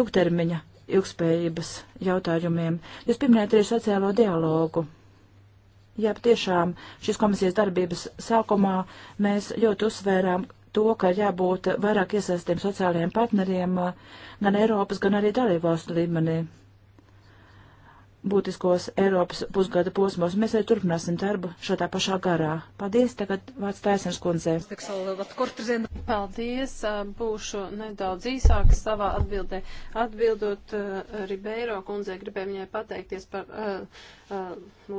ilgtermiņa ilgspējības jautājumiem. Jūs pieminējat arī sociālo dialogu. Jā, patiešām šīs komisijas darbības sākumā mēs ļoti uzsvērām to, ka jābūt vairāk iesaistiem sociālajiem partneriem uh, gan Eiropas, gan arī dalībvalstu līmenī būtiskos Eiropas pusgada posmos. Mēs arī turpināsim darbu šādā pašā garā. Paldies, tagad vārds Taisnes kundzē. Paldies, um, būšu nedaudz īsāks savā atbildē. Atbildot uh, Ribeiro kundzē, gribēju viņai pateikties par uh, uh,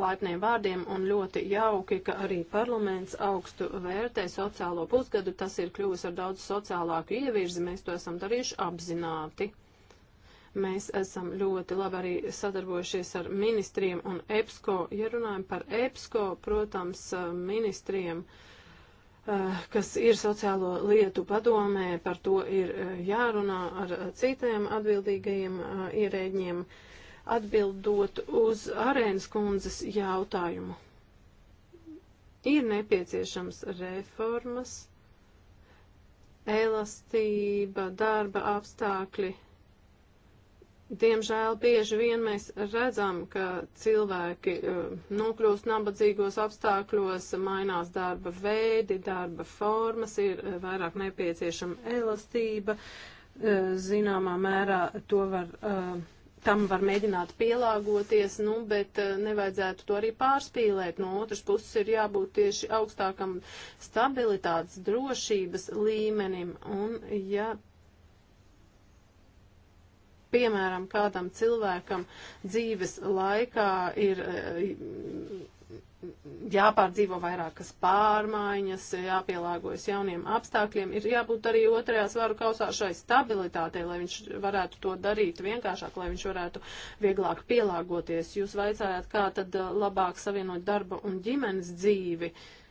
laipniem vārdiem un ļoti jauki, ka arī parlaments augstu vērtē sociālo pusgadu. Tas ir kļuvis ar daudz sociālāku ievirzi, mēs to esam darījuši apzināti. Mēs esam ļoti labi arī sadarbojušies ar ministriem un EPSCO. Ja runājam par EPSCO, protams, ministriem, eh, kas ir sociālo lietu padomē, par to ir eh, jārunā ar citiem atbildīgajiem eh, ierēģiem, atbildot uz arēnas kundzes jautājumu. Ir nepieciešams reformas, elastība, darba apstākļi Diemžēl bieži vien mēs redzam, ka cilvēki e, nokļūst nabadzīgos apstākļos, mainās darba veidi, darba formas, ir e, vairāk nepieciešama elastība, e, zināmā mērā to var, tam var mēģināt pielāgoties, nu, bet nevajadzētu to arī pārspīlēt. No otras puses ir jābūt tieši augstākam stabilitātes, drošības līmenim, un ja piemēram, kādam cilvēkam dzīves laikā ir eh, jāpārdzīvo vairākas pārmaiņas, jāpielāgojas jauniem apstākļiem, ir jābūt arī otrajā svaru kausā šai stabilitātei, lai viņš varētu to darīt vienkāršāk, lai viņš varētu vieglāk pielāgoties. Jūs vaicājāt, kā tad eh, labāk savienot darba un ģimenes dzīvi. Uh,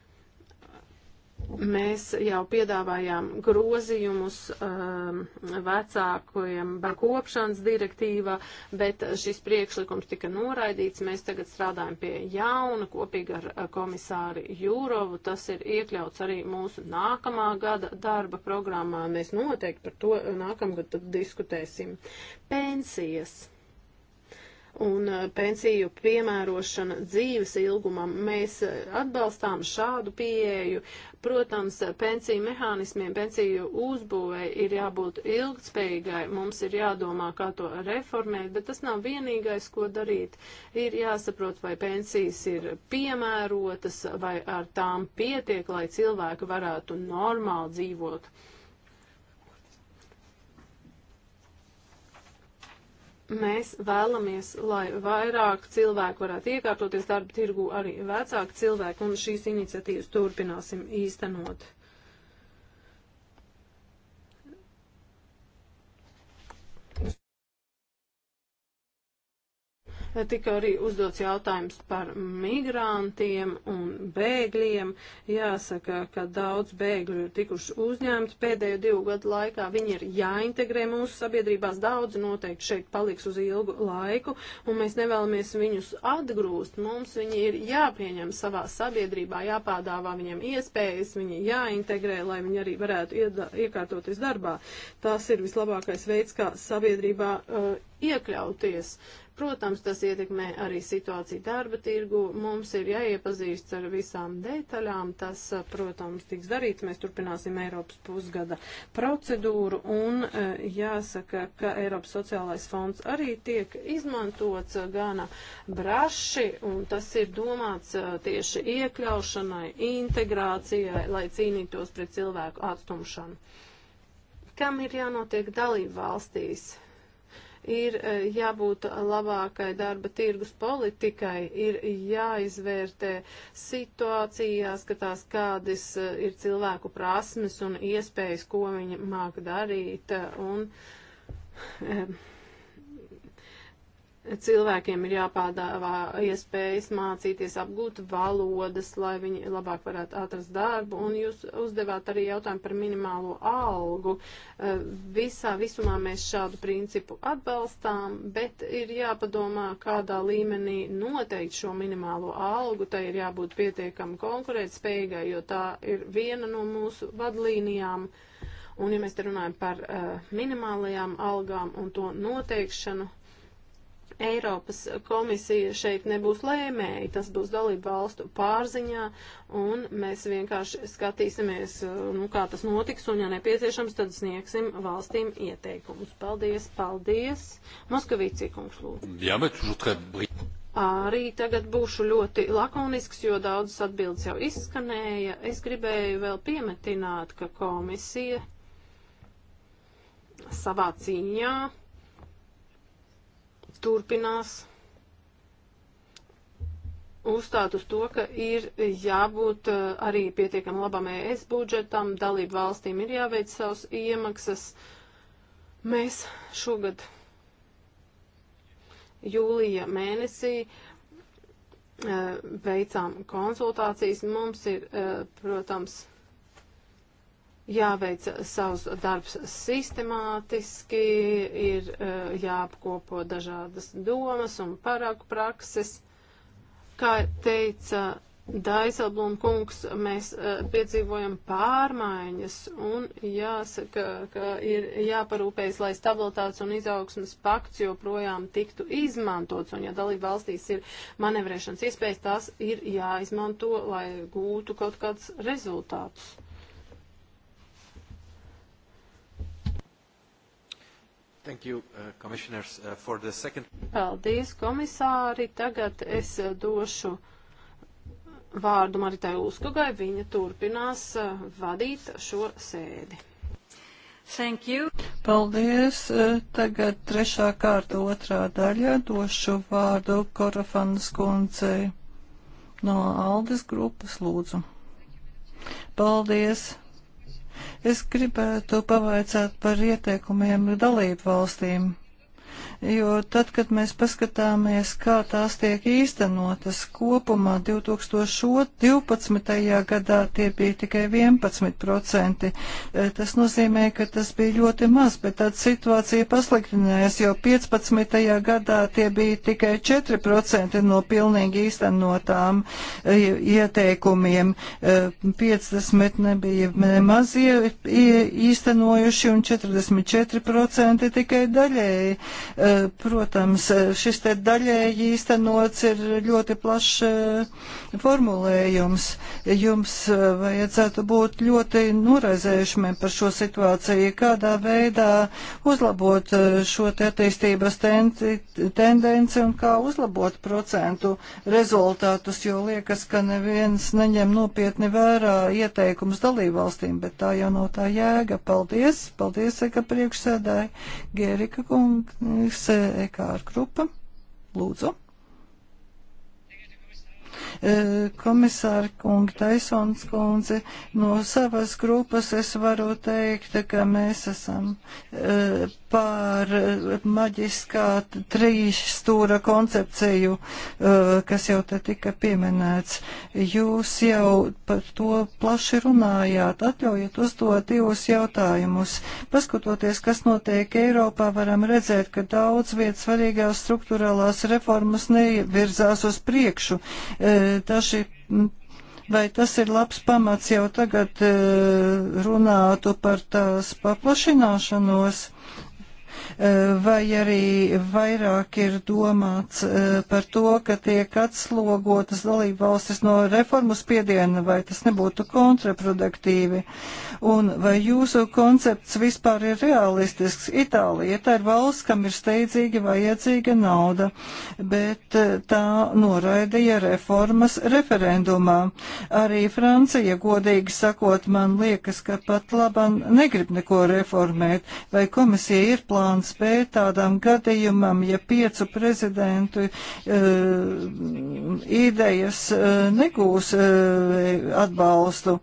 Mēs jau piedāvājām grozījumus um, vecākajiem par kopšanas direktīvā, bet šis priekšlikums tika noraidīts. Mēs tagad strādājam pie jauna kopīgi ar uh, komisāri Jūrovu. Tas ir iekļauts arī mūsu nākamā gada darba programmā. Mēs noteikti par to uh, nākamgad diskutēsim. Pensijas un uh, pensiju piemērošana dzīves ilgumam. Mēs atbalstām šādu pieeju, Protams, pensiju mehānismiem, pensiju uzbūvei ir jābūt ilgtspējīgai, mums ir jādomā, kā to reformēt, bet tas nav vienīgais, ko darīt. Ir jāsaprot, vai pensijas ir piemērotas, vai ar tām pietiek, lai cilvēki varētu normāli dzīvot. mēs vēlamies, lai vairāk cilvēku varētu iekārtoties darba tirgu, arī vecāki cilvēki, un šīs iniciatīvas turpināsim īstenot. Tika arī uzdots jautājums par migrantiem un bēgļiem. Jāsaka, ka daudz bēgļu ir tikuši uzņemti pēdējo divu gadu laikā. Viņi ir jāintegrē mūsu sabiedrībās. Daudzi noteikti šeit paliks uz ilgu laiku, un mēs nevēlamies viņus atgrūst. Mums viņi ir jāpieņem savā sabiedrībā, jāpādāvā viņiem iespējas, viņi jāintegrē, lai viņi arī varētu iedā, iekārtoties darbā. Tas ir vislabākais veids, kā sabiedrībā uh, iekļauties. Uh, Protams, tas ietekmē arī situāciju darba tirgu. Mums ir jāiepazīst ar visām detaļām. Tas, eh, protams, tiks darīts. Mēs turpināsim Eiropas pusgada procedūru un eh, jāsaka, ka Eiropas sociālais fonds arī tiek izmantots gana braši un tas ir domāts eh, tieši iekļaušanai, integrācijai, lai cīnītos pret cilvēku atstumšanu. Kam ir jānotiek dalību valstīs? ir eh, jābūt labākai darba tirgus politikai, ir jāizvērtē situācija, jāskatās, kādas eh, ir cilvēku prasmes un iespējas, ko viņi māk darīt. Eh, un, um, cilvēkiem ir jāpādāvā iespējas mācīties, apgūt valodas, lai viņi labāk varētu atrast darbu. Un jūs uzdevāt arī jautājumu par minimālo algu. Eh, visā visumā mēs šādu principu atbalstām, bet ir jāpadomā, kādā līmenī noteikt šo minimālo algu. Tai ir jābūt pietiekami konkurētspējīgai, jo tā ir viena no mūsu vadlīnijām. Un, ja mēs te runājam par uh, minimālajām algām un to noteikšanu, Eiropas komisija šeit nebūs lēmēji, tas būs dalību valstu pārziņā, un mēs vienkārši skatīsimies, uh, nu, kā tas notiks, un, ja nepieciešams, tad sniegsim valstīm ieteikumus. Paldies, paldies. Moskavīcī, kungs, lūdzu. Jā, bet Arī tagad būšu ļoti lakonisks, jo daudzas atbildes jau izskanēja. Es gribēju vēl piemetināt, ka komisija savā cīņā turpinās uzstāt uz to, ka ir jābūt eh, arī pietiekam labam ES budžetam, dalību valstīm ir jāveic savas iemaksas. Mēs šogad jūlija mēnesī eh, veicām konsultācijas. Mums ir, eh, protams, jāveic savs darbs sistemātiski, ir eh, jāapkopo dažādas domas un paraku prakses. Kā teica Daiselblum kungs, mēs eh, piedzīvojam pārmaiņas un jāsaka, ka ir jāparūpējas, lai stabilitātes un izaugsmas pakts joprojām tiktu izmantots. Un ja dalība valstīs ir manevrēšanas iespējas, tās ir jāizmanto, lai gūtu kaut kādus rezultātus. Thank you, uh, commissioners, uh, for the second... Paldies, komisāri. Tagad es uh, došu vārdu Maritai Uzkogai. Viņa turpinās uh, vadīt šo sēdi. Thank you. Paldies. Uh, tagad trešā kārta otrā daļa došu vārdu Korafanas kundzei no Aldes grupas lūdzu. Paldies. Es gribētu pavaicāt par ieteikumiem dalību valstīm jo tad, kad mēs paskatāmies, kā tās tiek īstenotas kopumā 2012. gadā tie bija tikai 11%. E, tas nozīmē, ka tas bija ļoti maz, bet tad situācija pasliktinājās, jo 15. gadā tie bija tikai 4% no pilnīgi īstenotām e, ieteikumiem. 50 e, nebija nemaz īstenojuši un 44% tikai daļēji Protams, šis te daļēji īstenots ir ļoti plašs eh, formulējums. Jums eh, vajadzētu būt ļoti noraizējušiem par šo situāciju, kādā veidā uzlabot eh, šo te attīstības tendenci un kā uzlabot procentu rezultātus, jo liekas, ka neviens neņem nopietni vērā ieteikumus dalībvalstīm, bet tā jau nav tā jēga. Paldies, paldies, ka priekšsēdāji Gērika kungs Kungs, EKR grupa. Lūdzu. E, Komisāri kungi, Taisons kundze, no savas grupas es varu teikt, ka mēs esam e, par eh, maģiskā trīsstūra koncepciju, eh, kas jau te tika pieminēts. Jūs jau par to plaši runājāt, atļaujiet uzdot divus jautājumus. Paskatoties, kas notiek Eiropā, varam redzēt, ka daudz viet svarīgās struktūrālās reformas nevirzās uz priekšu. Daži eh, Vai tas ir labs pamats jau tagad runātu par tās paplašināšanos? vai arī vairāk ir domāts eh, par to, ka tiek atslogotas dalība valstis no reformu spiediena, vai tas nebūtu kontraproduktīvi? Un vai jūsu koncepts vispār ir realistisks? Itālija, tā ir valsts, kam ir steidzīgi vajadzīga nauda, bet eh, tā noraidīja reformas referendumā. Arī Francija, godīgi sakot, man liekas, ka pat laban negrib neko reformēt. Vai komisija ir plāns? spēja tādam gadījumam, ja piecu prezidentu eh, idejas eh, negūs eh, atbalstu.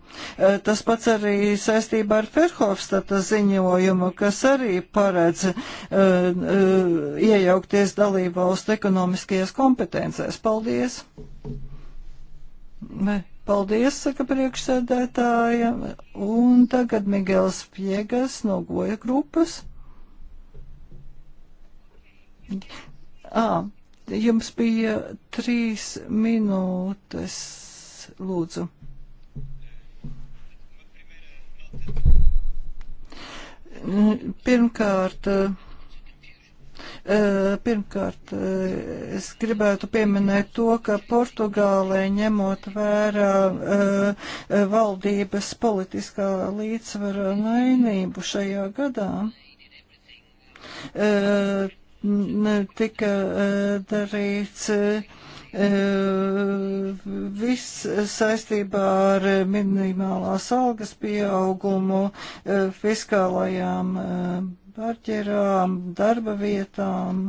Tas pats arī saistībā ar Ferhofstata ziņojumu, kas arī paredz uh, uh, iejaukties dalību valstu ekonomiskajās kompetencēs. Paldies! Ne. Paldies, saka priekšsēdētāja. Un tagad Migels Piegas no Goja grupas. À, jums bija trīs minūtes, lūdzu. Pirmkārt, pirmkārt, es gribētu pieminēt to, ka Portugālē ņemot vērā valdības politiskā līdzsvara nainību šajā gadā, tika eh, darīts eh, viss saistībā ar minimālās algas pieaugumu, eh, fiskālajām barķerām, darba vietām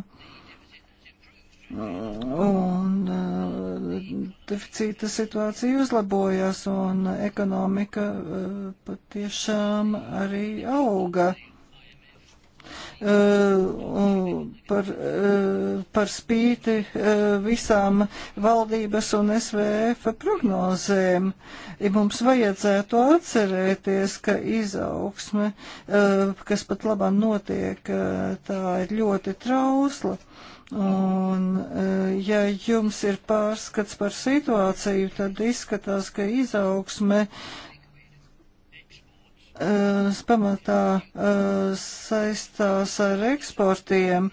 un uh, deficīta situācija uzlabojās un ekonomika uh, patiešām arī auga par, eh, par spīti eh, visām valdības un SVF prognozēm. Mums vajadzētu atcerēties, ka izaugsme, eh, kas pat labā notiek, tā ir ļoti trausla. Un, ja jums ir pārskats par situāciju, tad izskatās, ka izaugsme pamatā saistās ar eksportiem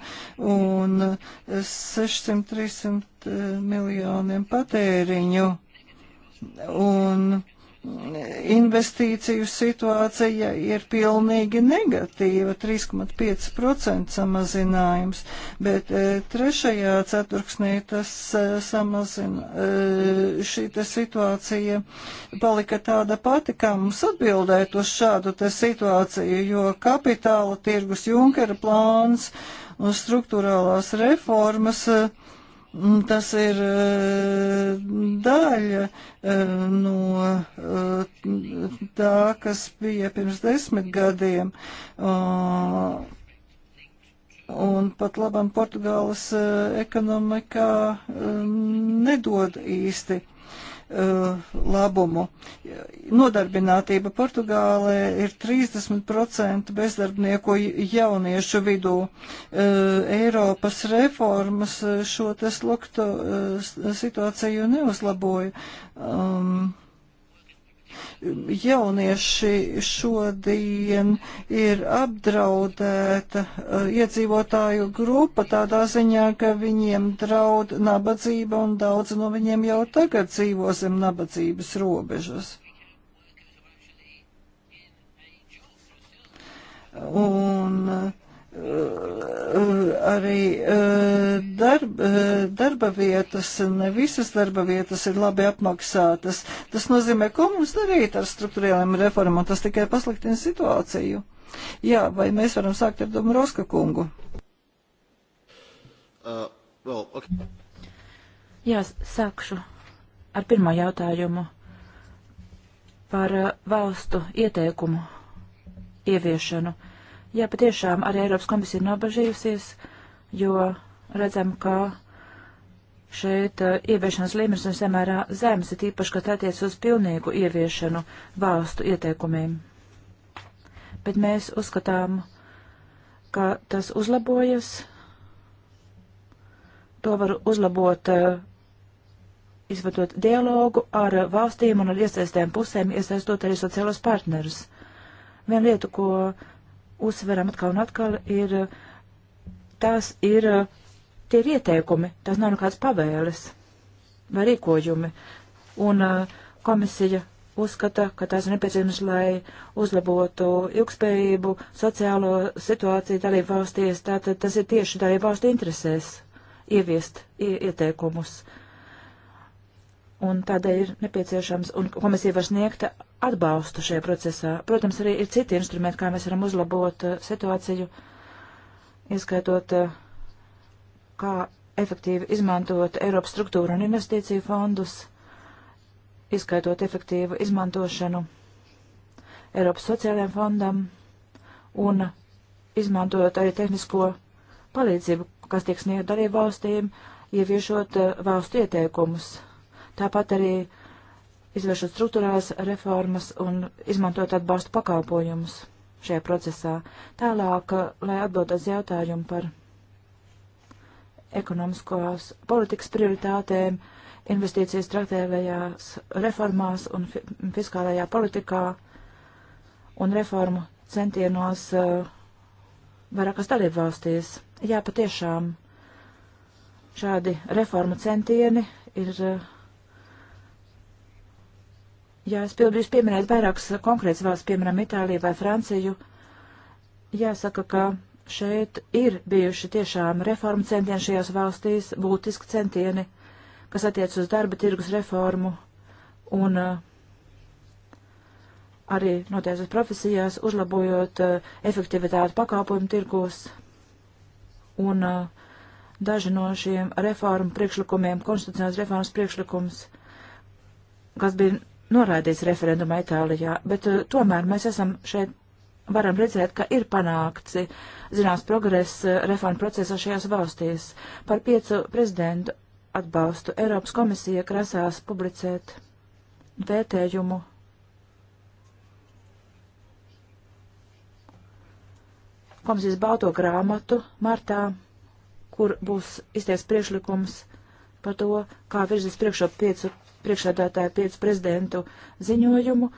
un 600-300 eh, miljoniem patēriņu. Un investīciju situācija ir pilnīgi negatīva, 3,5% samazinājums, bet e, trešajā ceturksnī tas e, samazina, e, šī situācija palika tāda pati, kā mums atbildēt uz šādu te situāciju, jo kapitāla tirgus Junkera plāns un struktūrālās reformas uh, Mm, tas ir eh, daļa eh, no eh, tā, kas bija pirms desmit gadiem. Un pat labam Portugāles ekonomikā nedod īsti. Uh, labumu. Nodarbinātība Portugālē ir 30% bezdarbnieku jauniešu vidū. Uh, Eiropas reformas uh, šo te slukto situāciju neuzlaboja. Um, jaunieši šodien ir apdraudēta uh, iedzīvotāju grupa tādā ziņā, ka viņiem draud nabadzība un daudz no viņiem jau tagad dzīvo zem nabadzības robežas. Un uh, arī e, darba, e, darba vietas, ne visas darba vietas ir labi apmaksātas. Tas nozīmē, ko mums darīt ar struktūrāliem reformām, tas tikai pasliktina situāciju. Jā, vai mēs varam sākt ar Dombrovska kungu? Uh, well, okay. Jā, sākšu ar pirmo jautājumu par e, valstu ieteikumu ieviešanu. Uh, Jā, patiešām arī Eiropas komisija ir nobažījusies, jo redzam, ka šeit uh, ieviešanas līmenis ir samērā zemes, ir īpaši, kad attiec uz pilnīgu ieviešanu valstu ieteikumiem. Bet mēs uzskatām, ka tas uzlabojas. To var uzlabot, uh, izvedot dialogu ar valstīm un ar iesaistēm pusēm, iesaistot arī sociālos partnerus. Viena lieta, ko uzsveram atkal un atkal, ir tās ir, tie ir ieteikumi, tās nav nekāds pavēles vai rīkojumi. Un komisija uzskata, ka tās ir nepieciešamas, lai uzlabotu ilgspējību, sociālo situāciju dalību valstīs. Tātad tas ir tieši dalību valstu interesēs ieviest ieteikumus. Un tādēļ ir nepieciešams, un komisija var sniegt atbalstu šajā procesā. Protams, arī ir citi instrumenti, kā mēs varam uzlabot eh, situāciju, ieskaitot, eh, kā efektīvi izmantot Eiropas struktūru un investīciju fondus, ieskaitot efektīvu izmantošanu Eiropas sociālajiem fondam un izmantojot arī tehnisko palīdzību, kas tiek sniegta arī valstīm, ieviešot eh, valstu ieteikumus. Tāpat arī uh, izvēršot struktūrās reformas un izmantot atbalstu pakalpojumus šajā procesā. Tālāk, eh, lai atbildētu uz jautājumu par ekonomiskās politikas prioritātēm, investīcijas stratēvējās reformās un fi fiskālajā politikā un reformu centienos uh, vairākās dalību valstīs. Jā, patiešām šādi reformu centieni ir uh, Jā, es pildu, jūs pieminējat vairākas konkrētas valsts, piemēram, Itāliju vai Franciju. Jāsaka, ka šeit ir bijuši tiešām reformu centieni šajās valstīs, būtiski centieni, kas attiec uz darba tirgus reformu un uh, arī noteicis profesijās, uzlabojot uh, efektivitāti pakalpojumu tirgos. Un uh, daži no šiem reformu priekšlikumiem, konstitucionālās reformas priekšlikums, kas bija noraidīts referendumā Itālijā, bet uh, tomēr mēs esam šeit varam redzēt, ka ir panākts eh, zināms progress eh, reformu procesā šajās valstīs. Par piecu prezidentu atbalstu Eiropas komisija krasās publicēt vērtējumu. Komisijas balto grāmatu martā, kur būs izties priekšlikums par to, kā virzīs priekšā piecu priekšsēdētāja piecu prezidentu ziņojumu.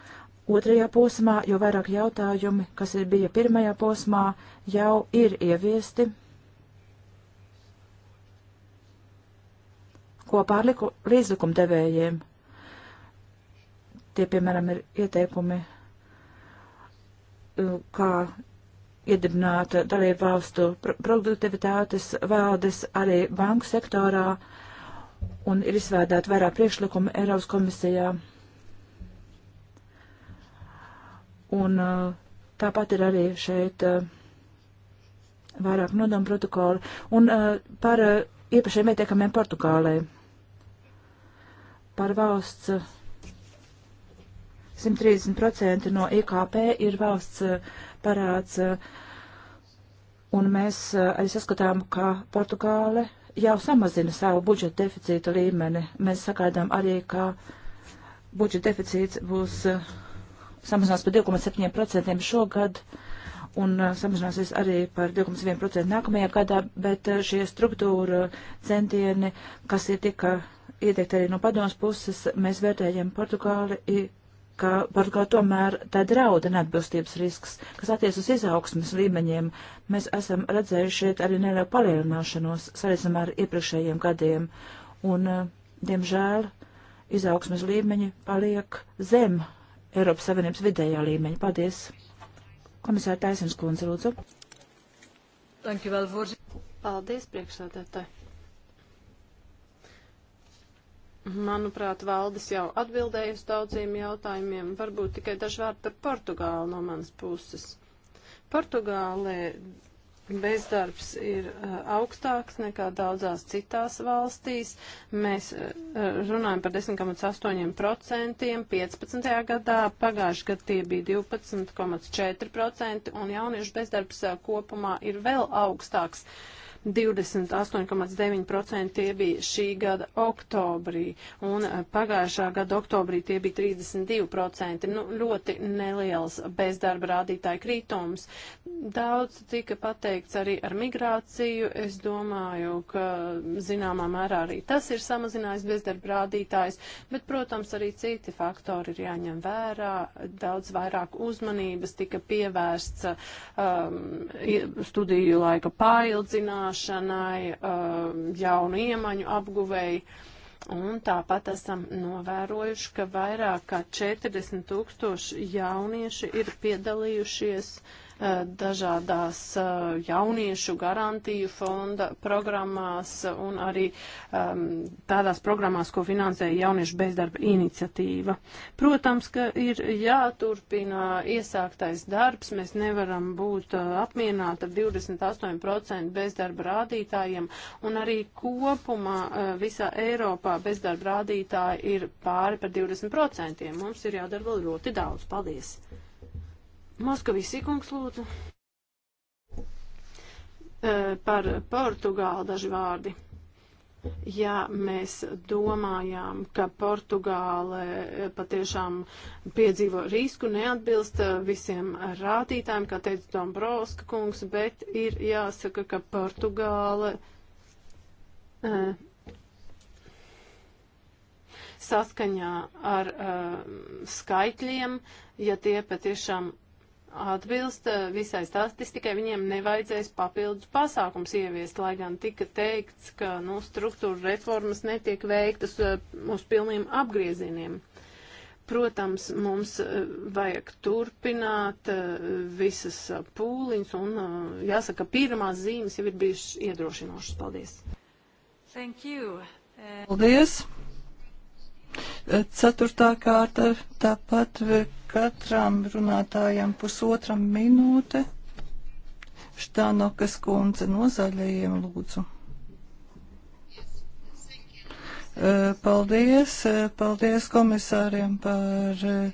Otrajā posmā, jo vairāk jautājumi, kas ir bija pirmajā posmā, jau ir ieviesti. kopā ar līdzlikumdevējiem. Tie, piemēram, ir ieteikumi, uh, kā iedibināt dalību valstu produktivitātes valdes arī banku sektorā. Uh, un ir izvēdēti vairāk priekšlikumu Eiropas komisijā. Un uh, tāpat ir arī šeit uh, vairāk nodomu protokoli un uh, par īpašiem ieteikumiem Portugālei. Par valsts 130% no IKP ir valsts parāds, un mēs arī saskatām, ka Portugāle jau samazina savu budžeta deficītu līmeni. Mēs sagaidām arī, ka budžeta deficīts būs eh, samazinās par 2,7% šogad un eh, samazināsies arī par 2,1% nākamajā gadā, bet eh, šie struktūra centieni, kas ir tika ieteikt arī no padomas puses, mēs vērtējam Portugāli ka varbūt tomēr tā drauda neatbilstības risks, kas attiec uz izaugsmes līmeņiem. Mēs esam redzējuši šeit arī nelielu palielināšanos salīdzinājumā ar iepriekšējiem gadiem, un, eh, diemžēl, izaugsmes līmeņi paliek zem Eiropas Savienības vidējā līmeņa. Paldies! Komisāra Taisins Kunze, lūdzu. Paldies, priekšsādātāji! Manuprāt, valdes jau atbildēja uz daudziem jautājumiem, varbūt tikai daži vārdi par Portugālu no manas puses. Portugālē bezdarbs ir uh, augstāks nekā daudzās citās valstīs. Mēs uh, runājam par 10,8%, 15. gadā, pagājušajā gadā tie bija 12,4% un jauniešu bezdarbs uh, kopumā ir vēl augstāks. Uh, 28,9% tie bija šī gada oktobrī, un eh, pagājušā gada oktobrī tie bija 32%. Nu, ļoti neliels bezdarba rādītāja krītums. Daudz tika pateikts arī ar migrāciju. Es domāju, ka zināmā mērā arī tas ir samazinājis bezdarba rādītājs, bet, protams, arī citi faktori ir jāņem vērā. Daudz vairāk uzmanības tika pievērsts um, studiju laika pārildzināšanai veicināšanai, um, jaunu iemaņu apguvēji. Un tāpat esam novērojuši, ka vairāk kā 40 tūkstoši jaunieši ir piedalījušies uh, Eh, dažādās eh, jauniešu garantiju fonda programmās un arī ehm, tādās programmās, ko finansēja jauniešu bezdarba iniciatīva. Protams, ka ir jāturpina iesāktais darbs. Mēs nevaram būt eh, apmierināti ar 28% bezdarba rādītājiem un arī kopumā visā Eiropā bezdarba rādītāji ir pāri par 20%. Mums ir jādara vēl ļoti daudz. Paldies! Moskavīsī kungs lūdzu. Par Portugālu daži vārdi. Ja mēs domājām, ka Portugāle patiešām piedzīvo risku, neatbilst visiem rādītājiem, kā teica Dombrovska kungs, bet ir jāsaka, ka Portugāle eh, saskaņā ar eh, skaitļiem, ja tie patiešām atbilst eh, visai statistikai, viņiem nevajadzēs papildus pasākums ieviest, lai gan tika teikts, ka nu, struktūra reformas netiek veiktas eh, uz pilniem apgriezieniem. Protams, mums eh, vajag turpināt visas pūliņas un jāsaka, pirmās zīmes jau ir bijušas iedrošinošas. Paldies! Thank you. Paldies! Uh... Ceturtā kārta tāpat eh, katram runātājam pusotram minūte. Štānokas kundze no zaļajiem lūdzu. Eh, paldies, eh, paldies komisāriem par eh,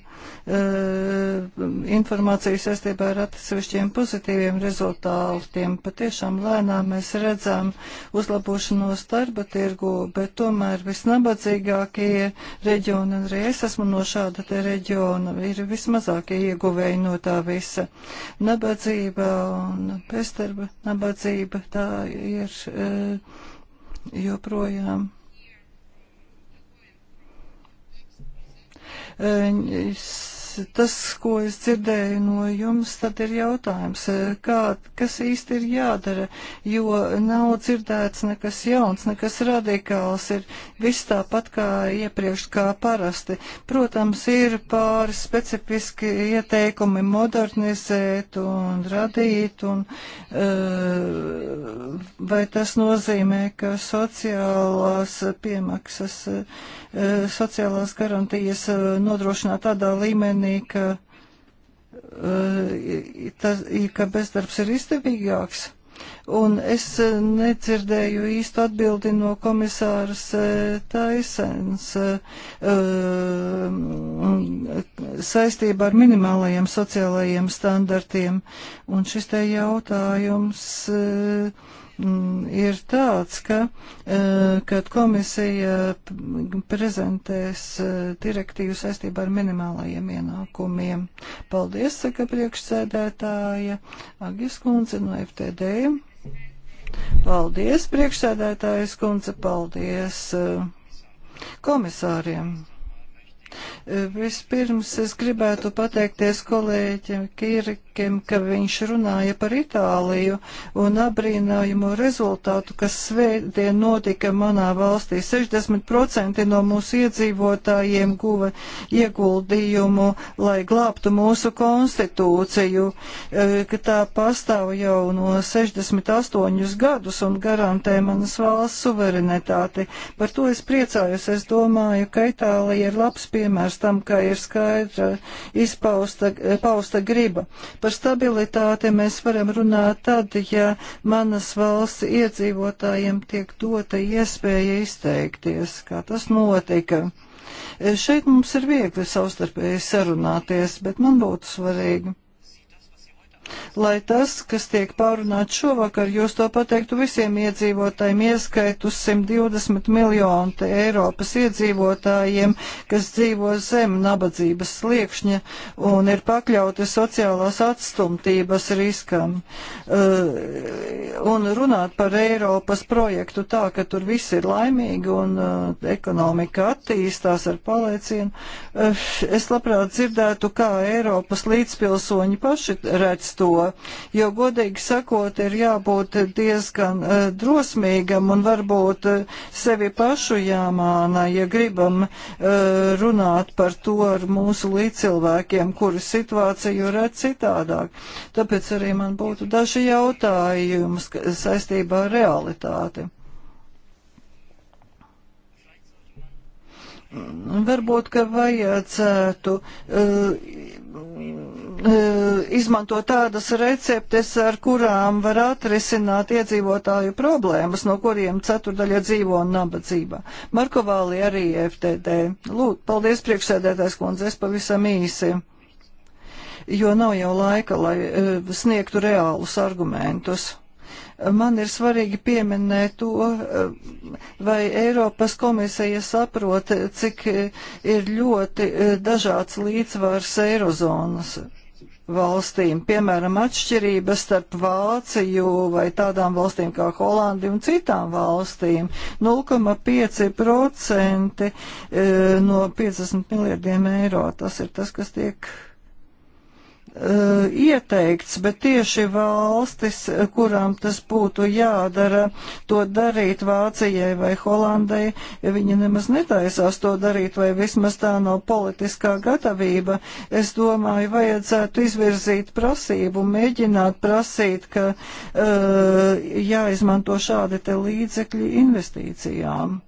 informāciju saistībā ar atsevišķiem pozitīviem rezultātiem. Patiešām lēnām mēs redzam uzlabošanos darba tirgu, bet tomēr visnabadzīgākie reģioni, arī es esmu no šāda te reģiona, ir vismazākie ieguvēji no tā visa. Nabadzība un pēstarba nabadzība tā ir joprojām uh, tas, ko es dzirdēju no jums, tad ir jautājums, eh, kā, kas īsti ir jādara, jo nav dzirdēts nekas jauns, nekas radikāls, ir viss tāpat kā iepriekš, kā parasti. Protams, ir pāris specifiski ieteikumi modernizēt un radīt, un eh, vai tas nozīmē, ka sociālās piemaksas, eh, sociālās garantijas nodrošināt tādā līmenī, ka, eh, tas, ka bezdarbs ir izdevīgāks. Un es eh, nedzirdēju īstu atbildi no komisāras eh, Taisens saistībā ar minimālajiem sociālajiem standartiem. Un šis te jautājums Mm, ir tāds, ka, eh, kad komisija prezentēs eh, direktīvu saistībā ar minimālajiem ienākumiem. Paldies, saka priekšsēdētāja Agis Kunze no FTD. Paldies, priekšsēdētājas kundze, paldies eh, komisāriem. Vispirms es gribētu pateikties kolēģiem Kīrikiem, ka viņš runāja par Itāliju un abrīnājumu rezultātu, kas svētdien notika manā valstī. 60% no mūsu iedzīvotājiem guva ieguldījumu, lai glābtu mūsu konstitūciju, eh, ka tā pastāv jau no 68 gadus un garantē manas valsts suverenitāti. Par to es priecājos. Es domāju, ka Itālija ir labs piemērs piemērs tam, ka ir skaidra izpausta pausta griba. Par stabilitāti mēs varam runāt tad, ja manas valsts iedzīvotājiem tiek dota iespēja izteikties, kā tas notika. Šeit mums ir viegli savstarpēji sarunāties, bet man būtu svarīgi lai tas, kas tiek pārunāts šovakar, jūs to pateiktu visiem iedzīvotājiem, ieskaitus 120 miljonu Eiropas iedzīvotājiem, kas dzīvo zem nabadzības sliekšņa un ir pakļauti sociālās atstumtības riskam. Uh, un runāt par Eiropas projektu tā, ka tur viss ir laimīgi un uh, ekonomika attīstās ar palēcienu, uh, es labprāt dzirdētu, kā Eiropas līdzpilsoņi paši redz to, jo godīgi sakot, ir jābūt diezgan uh, drosmīgam un varbūt uh, sevi pašu jāmāna, ja gribam uh, runāt par to ar mūsu līdzcilvēkiem, kuru situāciju redz citādāk. Tāpēc arī man būtu daži jautājumi saistībā ar realitāti. Varbūt, ka vajadzētu uh, E, izmanto tādas receptes, ar kurām var atrisināt iedzīvotāju problēmas, no kuriem ceturdaļa dzīvo nabadzībā. Marko Vāli arī FTD. Lūdzu, paldies priekšsēdētājs kundze, es pavisam īsi jo nav jau laika, lai e, sniegtu reālus argumentus. Man ir svarīgi pieminēt to, e, vai Eiropas komisija saprot, cik ir ļoti dažāds līdzsvars Eirozonas valstīm, piemēram, atšķirības starp Vāciju vai tādām valstīm kā Holandi un citām valstīm. 0,5% eh, no 50 miljardiem eiro. Tas ir tas, kas tiek Eh, ieteikts, bet tieši valstis, kurām tas būtu jādara, to darīt Vācijai vai Holandai, ja viņi nemaz netaisās to darīt, vai vismaz tā nav politiskā gatavība, es domāju, vajadzētu izvirzīt prasību, mēģināt prasīt, ka uh, jāizmanto šādi te līdzekļi investīcijām.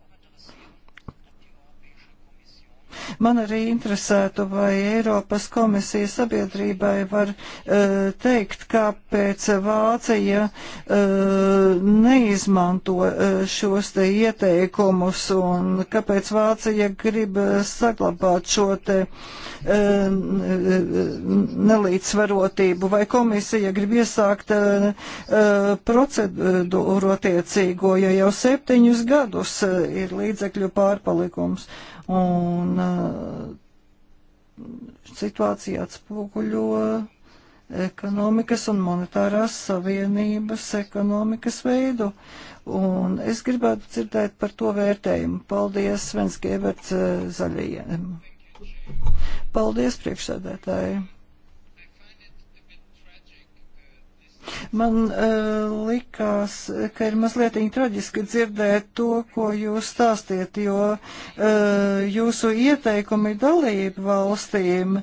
Man arī interesētu, vai Eiropas komisija sabiedrībai var uh, teikt, kāpēc Vācija uh, neizmanto uh, šos te ieteikumus un kāpēc Vācija grib saglabāt šo te nelīdzsvarotību, vai komisija grib iesākt procedūru attiecīgo, ja jau septiņus gadus ir līdzekļu pārpalikums. Un uh, situācija atspoguļo ekonomikas un monetārās savienības ekonomikas veidu. Un es gribētu dzirdēt par to vērtējumu. Paldies, Svens Gēberts, uh, zaļajiem. Paldies, priekšsēdētāji. Man uh, likās, ka ir mazliet traģiski dzirdēt to, ko jūs stāstiet, jo uh, jūsu ieteikumi dalību valstīm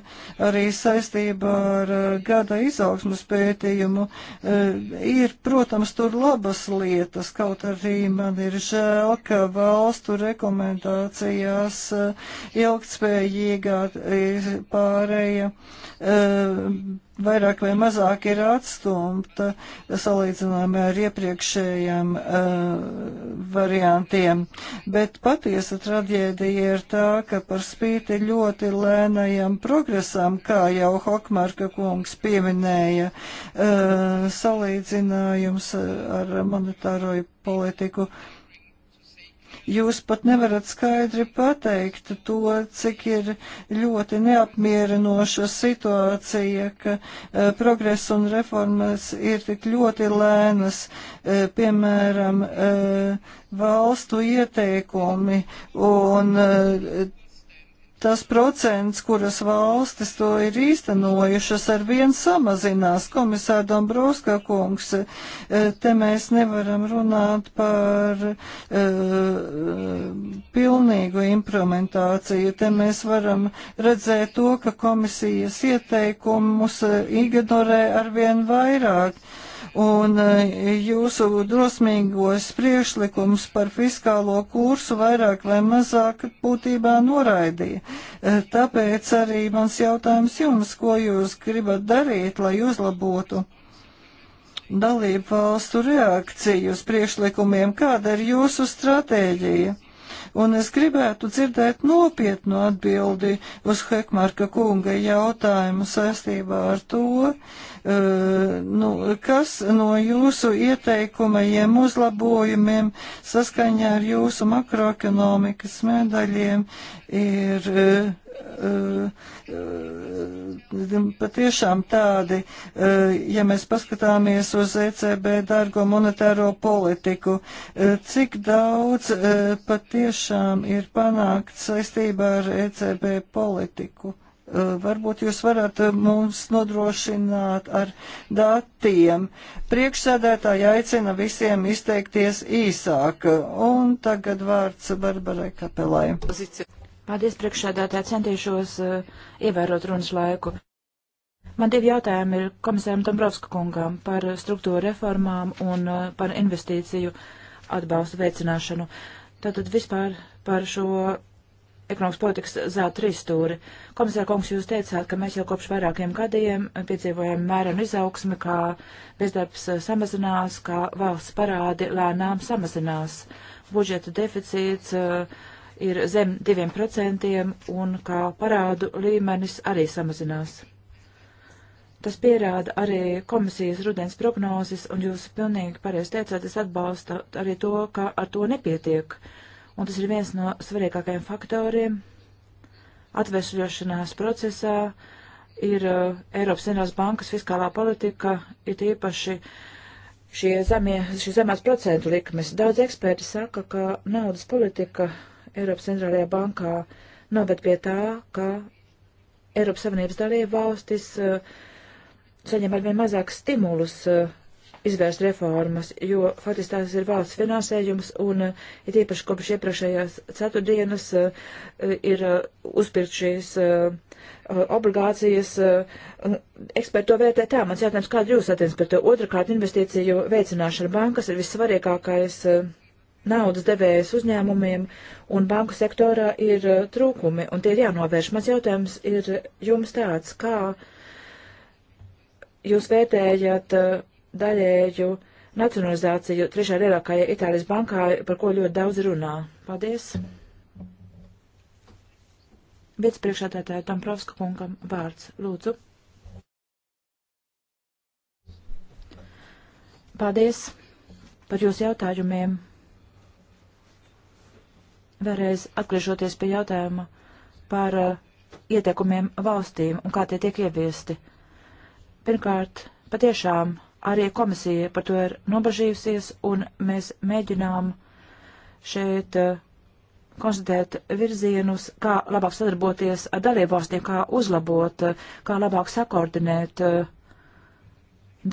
arī saistībā ar uh, gada izaugsmas pētījumu uh, ir, protams, tur labas lietas, kaut arī man ir žēl, ka valstu rekomendācijās uh, ilgtspējīgā pārēja. Uh, vairāk vai mazāk ir atstumta salīdzinājumā ar iepriekšējiem uh, variantiem. Bet patiesa traģēdija ir tā, ka par spīti ļoti lēnajam progresam, kā jau Hokmarka kungs pieminēja, uh, salīdzinājums ar monetāro politiku. Uh, Jūs pat nevarat skaidri pateikt to, cik ir ļoti neapmierinoša situācija, ka uh, progress un reformas ir tik ļoti lēnas, uh, piemēram, uh, valstu ieteikumi un tas procents, kuras valstis to ir īstenojušas, ar vien samazinās. Komisār Dombrovska kungs, e, te mēs nevaram runāt par uh, pilnīgu implementāciju. Te mēs varam redzēt to, ka komisijas ieteikumus e, ignorē ar vien vairāk. Uh, un eh, jūsu drosmīgos priešlikums par fiskālo kursu vairāk vai mazāk būtībā noraidīja. Eh, tāpēc arī mans jautājums jums, ko jūs gribat darīt, lai uzlabotu dalību valstu reakciju uz priešlikumiem, kāda ir jūsu stratēģija? Un es gribētu dzirdēt nopietnu atbildi uz Hekmarka kunga jautājumu saistībā ar to, eh, nu, kas no jūsu ieteikumajiem uzlabojumiem saskaņā ar jūsu makroekonomikas medaļiem ir eh, Eh, eh, eh, patiešām tādi, ja mēs paskatāmies uz ECB dārgo monetāro politiku, cik daudz patiešām ir panākts saistībā ar ECB politiku. Varbūt jūs varat mums nodrošināt ar datiem. Priekšsēdētāji aicina visiem izteikties īsāk. Un tagad vārds Barbarai Kapelai. Pozīcija. Paldies priekšsādātāji, centīšos uh, ievērot runas laiku. Man divi jautājumi ir komisāram Dombrovska kungam par struktūra reformām un uh, par investīciju atbalstu veicināšanu. Tātad vispār par šo ekonomikas politikas zelta trīsstūri. Komisāra kungs, jūs teicāt, ka mēs jau kopš vairākiem gadiem piedzīvojam mēram izaugsmi, kā bezdarbs eh, samazinās, kā valsts parādi lēnām samazinās, budžeta deficīts. Uh, ir zem 2% un kā parādu līmenis arī samazinās. Tas pierāda arī komisijas rudens prognozes, un jūs pilnīgi pareizi teicāt, es atbalstu arī to, ka ar to nepietiek. Un tas ir viens no svarīgākajiem faktoriem atvesļošanās procesā ir uh, Eiropas Centrālās bankas fiskālā politika, ir īpaši šie zemie, šie zemās procentu likmes. Daudz eksperti saka, ka naudas politika Eiropas centrālajā bankā noved pie tā, ka Eiropas Savienības dalība valstis uh, saņem arvien mazāk stimulus uh, izvērst reformas, jo faktiski tās ir valsts finansējums un uh, eh, ir īpaši kopš iepriekšējās ceturtdienas uh, ir uzpirkt šīs obligācijas. Eksperti to vērtē tā. Mans jautājums, kāda jūs attieksme par to? Otrakārt, investīciju veicināšana bankas ir vissvarīgākais naudas devējas uzņēmumiem, un banku sektorā ir uh, trūkumi, un tie ir jānovērš. Mans jautājums ir jums tāds, kā jūs vērtējat uh, daļēju nacionalizāciju trešā lielākajā Itālijas bankā, par ko ļoti daudz runā. Paldies! Vicepriekšādātāja Dombrovska kungam vārds. Lūdzu. Paldies par jūsu jautājumiem. Vēlreiz atgriežoties pie jautājuma par uh, ieteikumiem valstīm un kā tie tiek ieviesti. Pirmkārt, patiešām arī komisija par to ir nobažījusies, un mēs mēģinām šeit uh, konstatēt virzienus, kā labāk sadarboties ar dalību valstīm, kā uzlabot, uh, kā labāk sakoordinēt uh,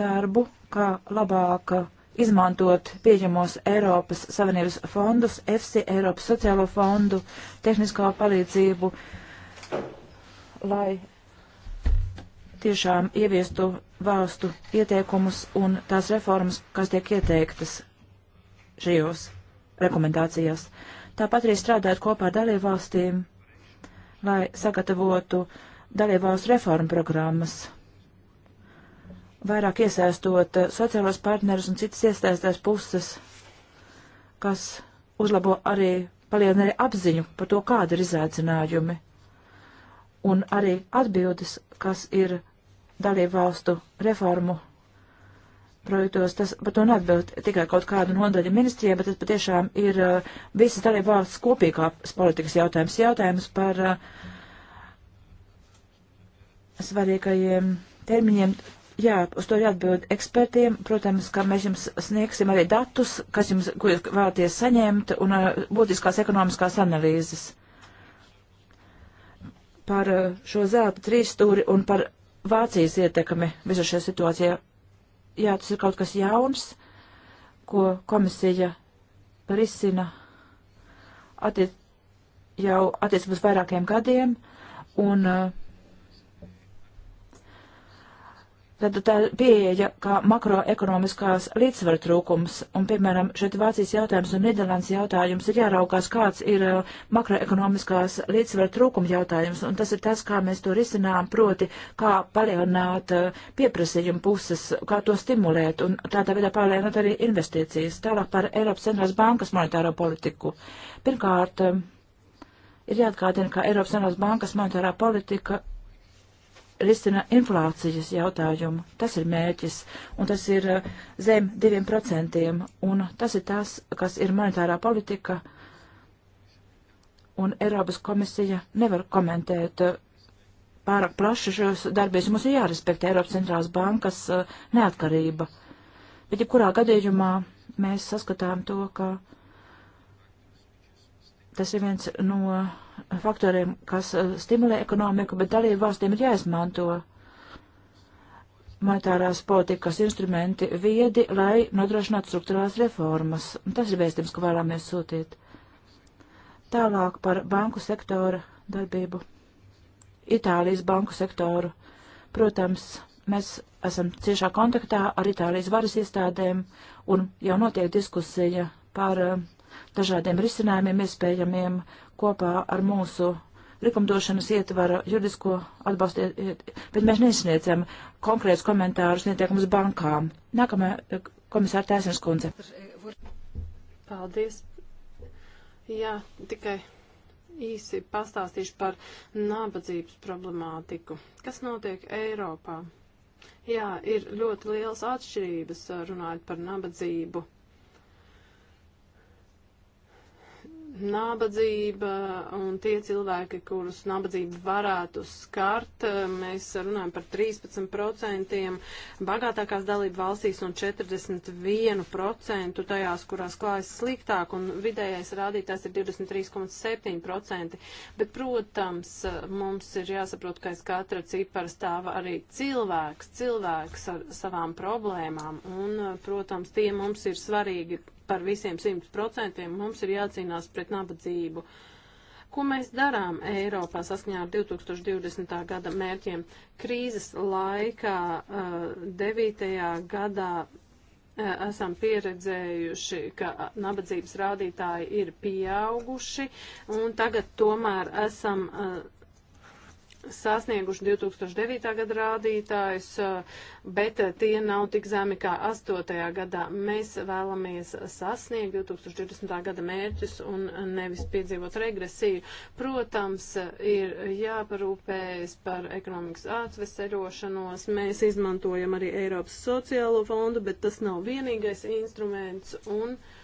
darbu, kā labāk uh, izmantot pieejamos Eiropas Savienības fondus, EFSI, Eiropas sociālo fondu, tehniskā palīdzību, lai tiešām ieviestu valstu ieteikumus un tās reformas, kas tiek ieteiktas šajos rekomendācijās. Tāpat arī strādāt kopā ar dalībvalstīm, lai sagatavotu dalībvalstu reformu programmas vairāk iesaistot eh, sociālos partnerus un citas iesaistās puses, kas uzlabo arī, palielina arī apziņu par to, kāda ir izaicinājumi, un arī atbildes, kas ir dalību valstu reformu projektos, tas par to neatbild tikai kaut kādu nodaļu ministrijai, bet tas patiešām ir uh, visas dalību valsts kopīgās politikas jautājums, jautājums par uh, svarīgajiem termiņiem Jā, uz to ir jāatbild ekspertiem. Protams, ka mēs jums sniegsim arī datus, kas jums, ko jūs vēlaties saņemt, un uh, būtiskās ekonomiskās analīzes par uh, šo zelta trīsstūri un par Vācijas ietekmi visā šajā situācijā. Jā, tas ir kaut kas jauns, ko komisija risina attiec, jau attiecībā uz vairākiem gadiem, un uh, Tad tā pieeja kā makroekonomiskās līdzsvara trūkums, un, piemēram, šeit Vācijas jautājums un Nīderlandes jautājums ir jāraukās, kāds ir uh, makroekonomiskās līdzsvara trūkuma jautājums, un tas ir tas, kā mēs to risinām, proti, kā palielināt uh, pieprasījumu puses, kā to stimulēt, un tādā veidā palielināt arī investīcijas. Tālāk par Eiropas centrās bankas monetāro politiku. Pirmkārt, um, ir jāatkārtina, ka Eiropas centrās bankas monetārā politika risina inflācijas jautājumu. Tas ir mērķis, un tas ir eh, zem diviem procentiem, un tas ir tas, kas ir monetārā politika, un Eiropas komisija nevar komentēt eh, pārāk plaši šos darbības. Mums ir jārespektē Eiropas centrālās bankas eh, neatkarība. Bet, ja kurā gadījumā mēs saskatām to, ka tas ir viens no faktoriem, kas eh, stimulē ekonomiku, bet dalību valstīm ir jāizmanto monetārās politikas instrumenti viedi, lai nodrošinātu struktūrās reformas. Tas ir vēstījums, ko vēlamies sūtīt. Tālāk par banku sektora darbību. Itālijas banku sektoru. Protams, mēs esam ciešā kontaktā ar Itālijas varas iestādēm un jau notiek diskusija par uh, dažādiem risinājumiem iespējamiem kopā ar mūsu likumdošanas ietvaru juridisko atbalstu, bet mēs nesniedzam konkrētus komentārus neteikumus bankām. Nākamā eh, komisāra Tēsnes kundze. Paldies. Jā, tikai īsi pastāstīšu par nabadzības problemātiku. Kas notiek Eiropā? Jā, ir ļoti lielas atšķirības runājot par nabadzību. Nabadzība un tie cilvēki, kurus nabadzība varētu skart, mēs runājam par 13% bagātākās dalību valstīs un 41% tajās, kurās klājas sliktāk, un vidējais rādītājs ir 23,7%. Bet, protams, mums ir jāsaprot, ka aiz katra cipara stāv arī cilvēks, cilvēks ar savām problēmām, un, protams, tie mums ir svarīgi par visiem 100%, mums ir jācīnās pret nabadzību. Ko mēs darām Eiropā saskaņā ar 2020. gada mērķiem? Krīzes laikā, 9. Eh, gadā, eh, esam pieredzējuši, ka eh, nabadzības rādītāji ir pieauguši, un tagad tomēr esam sasnieguši 2009. gada rādītājus, eh, bet eh, tie nav tik zemi kā 8. gadā. Mēs vēlamies sasniegt 2020. gada mērķus un nevis piedzīvot regresiju. Protams, ir jāparūpējas par ekonomikas atveserošanos. Mēs izmantojam arī Eiropas sociālo fondu, bet tas nav vienīgais instruments. Un, uh,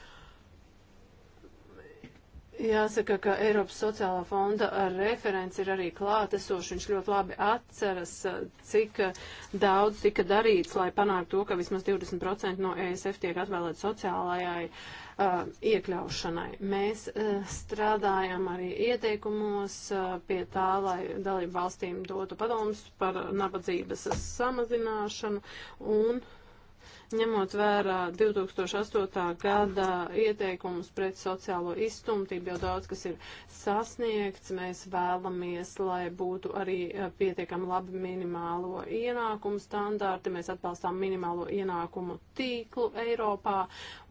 Jāsaka, ka Eiropas sociālā fonda referents ir arī klātesošs. Viņš ļoti labi atceras, eh, cik eh, daudz tika darīts, lai panāktu to, ka vismaz 20% no ESF tiek atvēlēt sociālajai uh, iekļaušanai. Mēs uh, strādājam arī ieteikumos uh, pie tā, lai dalību valstīm dotu padomus par nabadzības samazināšanu un uh, ņemot vērā 2008. gada ieteikumus pret sociālo izstumtību, jau daudz kas ir sasniegts, mēs vēlamies, lai būtu arī eh, pietiekami labi minimālo ienākumu standārti, mēs atbalstām minimālo ienākumu tīklu Eiropā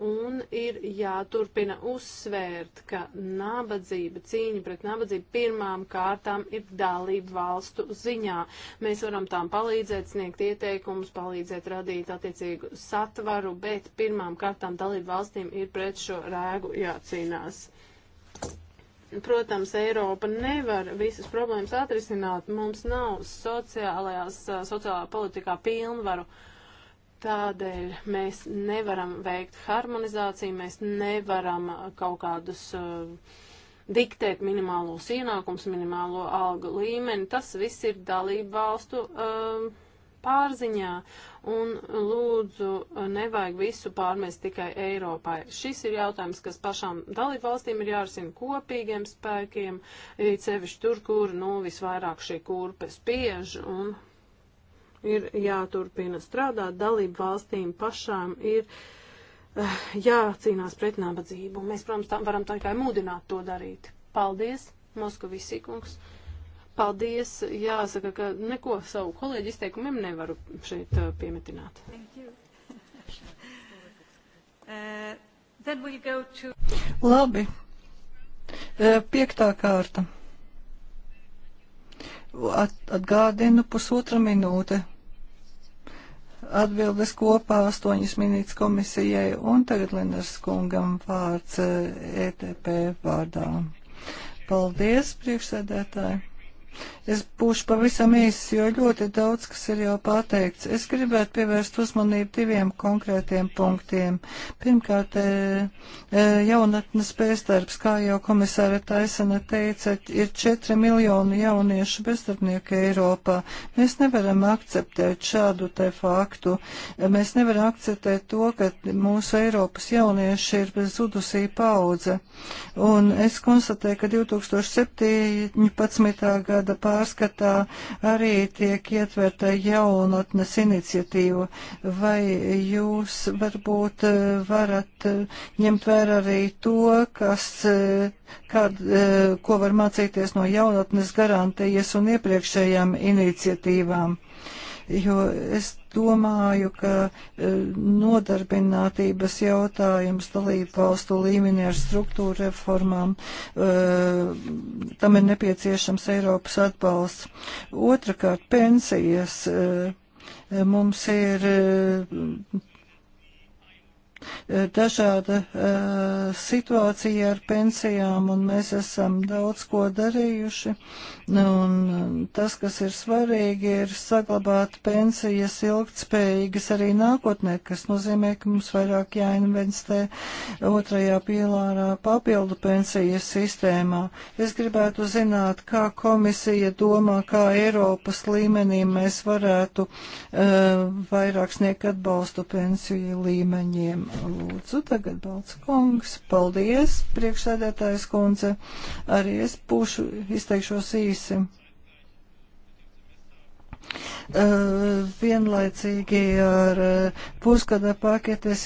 un ir jāturpina uzsvērt, ka nabadzība, cīņa pret nabadzību pirmām kārtām ir dalību valstu ziņā. Mēs varam tām palīdzēt, sniegt ieteikumus, palīdzēt radīt attiecīgus satvaru, bet pirmām kārtām dalību valstīm ir pret šo rēgu jācīnās. Protams, Eiropa nevar visas problēmas atrisināt. Mums nav sociālajās, sociālā politikā pilnvaru. Tādēļ mēs nevaram veikt harmonizāciju, mēs nevaram kaut kādus uh, diktēt minimālos ienākums, minimālo algu līmeni. Tas viss ir dalību valstu. Uh, pārziņā un lūdzu nevajag visu pārmest tikai Eiropai. Šis ir jautājums, kas pašām dalību valstīm ir jārisina kopīgiem spēkiem, ir sevišķi tur, kur nu, visvairāk šī kurpe spiež un ir jāturpina strādāt. Dalību valstīm pašām ir eh, jācīnās pret nabadzību. Mēs, protams, varam tikai mudināt to darīt. Paldies, Moskavisī kungs! Paldies. Jāsaka, ka neko savu kolēģi izteikumiem nevaru šeit uh, piemetināt. Uh, we'll to... Labi. Uh, piektā kārta. At, atgādinu pusotra minūte atbildes kopā astoņas minūtes komisijai un tagad Lenars kungam vārds uh, ETP vārdā. Paldies, priekšsēdētāji! Es būšu pavisam īss, jo ļoti daudz, kas ir jau pateikts. Es gribētu pievērst uzmanību diviem konkrētiem punktiem. Pirmkārt, e, e, jaunatnes bezdarbs, kā jau komisāra Taisana teica, ir 4 miljoni jauniešu bezdarbnieku Eiropā. Mēs nevaram akceptēt šādu te faktu. Mēs nevaram akceptēt to, ka mūsu Eiropas jaunieši ir zudusī paudze. Un es konstatēju, ka 2017. gada gada pārskatā arī tiek ietverta jaunatnes iniciatīva. Vai jūs varbūt eh, varat eh, ņemt vērā arī to, kas, eh, kād, ko var mācīties no jaunatnes garantijas un iepriekšējām iniciatīvām? jo es domāju, ka e, nodarbinātības jautājums dalību valstu līmenī ar struktūra reformām, e, tam ir nepieciešams Eiropas atbalsts. Otrakārt, pensijas e, mums ir Eh, dažāda uh, situācija ar pensijām, un mēs esam daudz ko darījuši. Nu, un eh, tas, kas ir svarīgi, ir saglabāt pensijas ilgtspējīgas arī nākotnē, kas nozīmē, ka mums vairāk jāinvestē otrajā pīlārā papildu pensijas sistēmā. Es gribētu zināt, kā komisija domā, kā Eiropas līmenī mēs varētu uh, vairāk sniegt atbalstu pensiju līmeņiem. Lūdzu, tagad Balts kungs. Paldies, priekšsēdētājs kundze. Arī es būšu, izteikšos īsi. Vienlaicīgi ar pusgada paketi es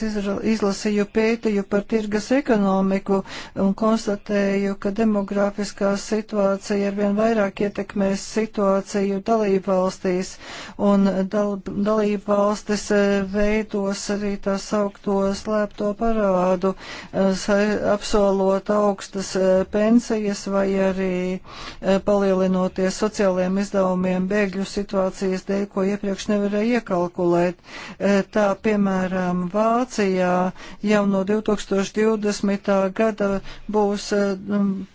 izlasīju pētīju par tirgas ekonomiku un konstatēju, ka demografiskā situācija ar vien vairāk ietekmēs situāciju dalību valstīs un dal, dalību valstis veidos arī tā saukto slēpto parādu, apsolot augstas pensijas vai arī palielinoties sociālajiem izdevumiem bēgļu situācijā situācijas dēļ, ko iepriekš nevarēja iekalkulēt. E, tā, piemēram, Vācijā jau no 2020. gada būs e,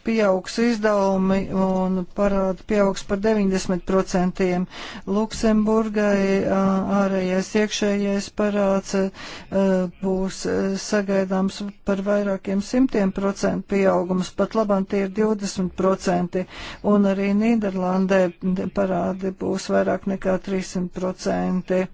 pieaugs izdevumi un parādi pieaugs par 90%. Luksemburgai ārējais iekšējais parāds e, būs sagaidāms par vairākiem simtiem procentu pieaugums, pat labam tie ir 20%, un arī Nīderlandē parādi būs vairāk vairāk nekā 300%.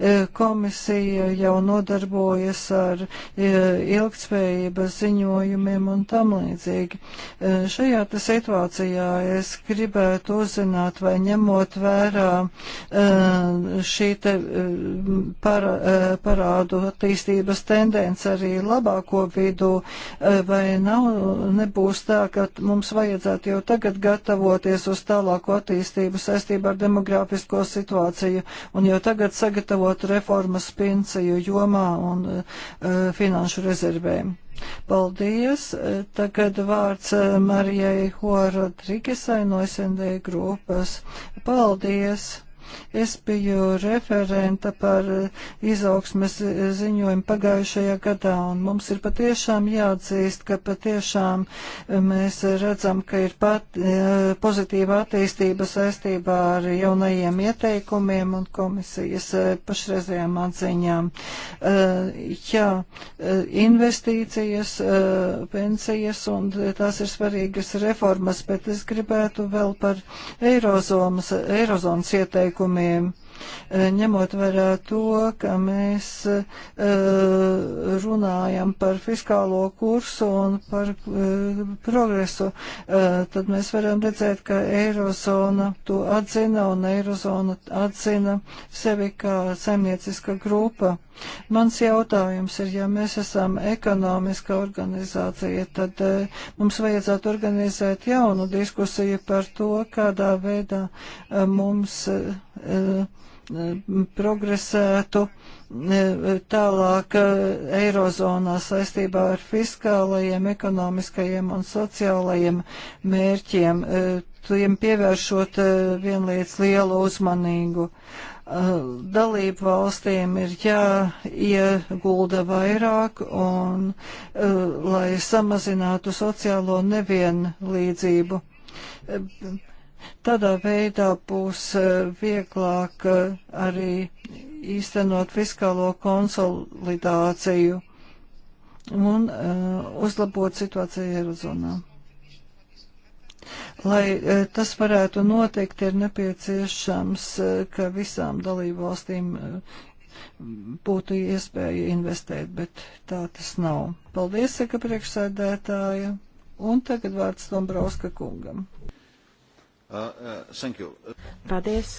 E, komisija jau nodarbojas ar e, ilgtspējības ziņojumiem un tam līdzīgi. E, šajā te situācijā es gribētu uzzināt, vai ņemot vērā šī te para, parādu attīstības tendence arī labāko vidu, vai nav, nebūs tā, ka mums vajadzētu jau tagad gatavoties uz tālāku attīstību saistībā ar demogrāfisku ekonomisko situāciju un jau tagad sagatavot reformas pensiju jomā un uh, finanšu rezervēm. Paldies! Tagad vārds eh, Marijai Horodrigesai no SND grupas. Paldies! Es biju referenta par eh, izaugsmes eh, ziņojumu pagājušajā gadā, un mums ir patiešām jāatzīst, ka patiešām eh, mēs redzam, ka ir pat, pozitīva attīstība saistībā ar jaunajiem ieteikumiem un komisijas pašreizējām atziņām. Jā, investīcijas, pensijas, un tās ir svarīgas reformas, bet es gribētu vēl par eirozonas, eirozonas ieteikumu pasākumiem Eh, ņemot vērā to, ka mēs eh, runājam par fiskālo kursu un par eh, progresu, tad mēs varam redzēt, ka Eirozona to atzina un Eirozona atzina sevi kā saimnieciska grupa. Mans jautājums ir, ja mēs esam ekonomiska organizācija, tad eh, mums vajadzētu organizēt jaunu diskusiju par to, kādā veidā eh, mums eh, progresētu tālāk e, Eirozonā saistībā ar fiskālajiem, ekonomiskajiem un sociālajiem mērķiem, e, tiem pievēršot e, vienlīdz lielu uzmanību. Dalību valstīm ir jāiegulda vairāk, un, lai samazinātu sociālo nevienlīdzību Tādā veidā būs eh, vieglāk eh, arī īstenot fiskālo konsolidāciju un eh, uzlabot situāciju Eirozonā. Lai tas varētu notikt, ir nepieciešams, ka visām dalībvalstīm būtu iespēja investēt, bet tā tas nav. Paldies, saka priekšsēdētāja, un tagad vārds Tombrauska kungam. Uh, uh, thank you. Paldies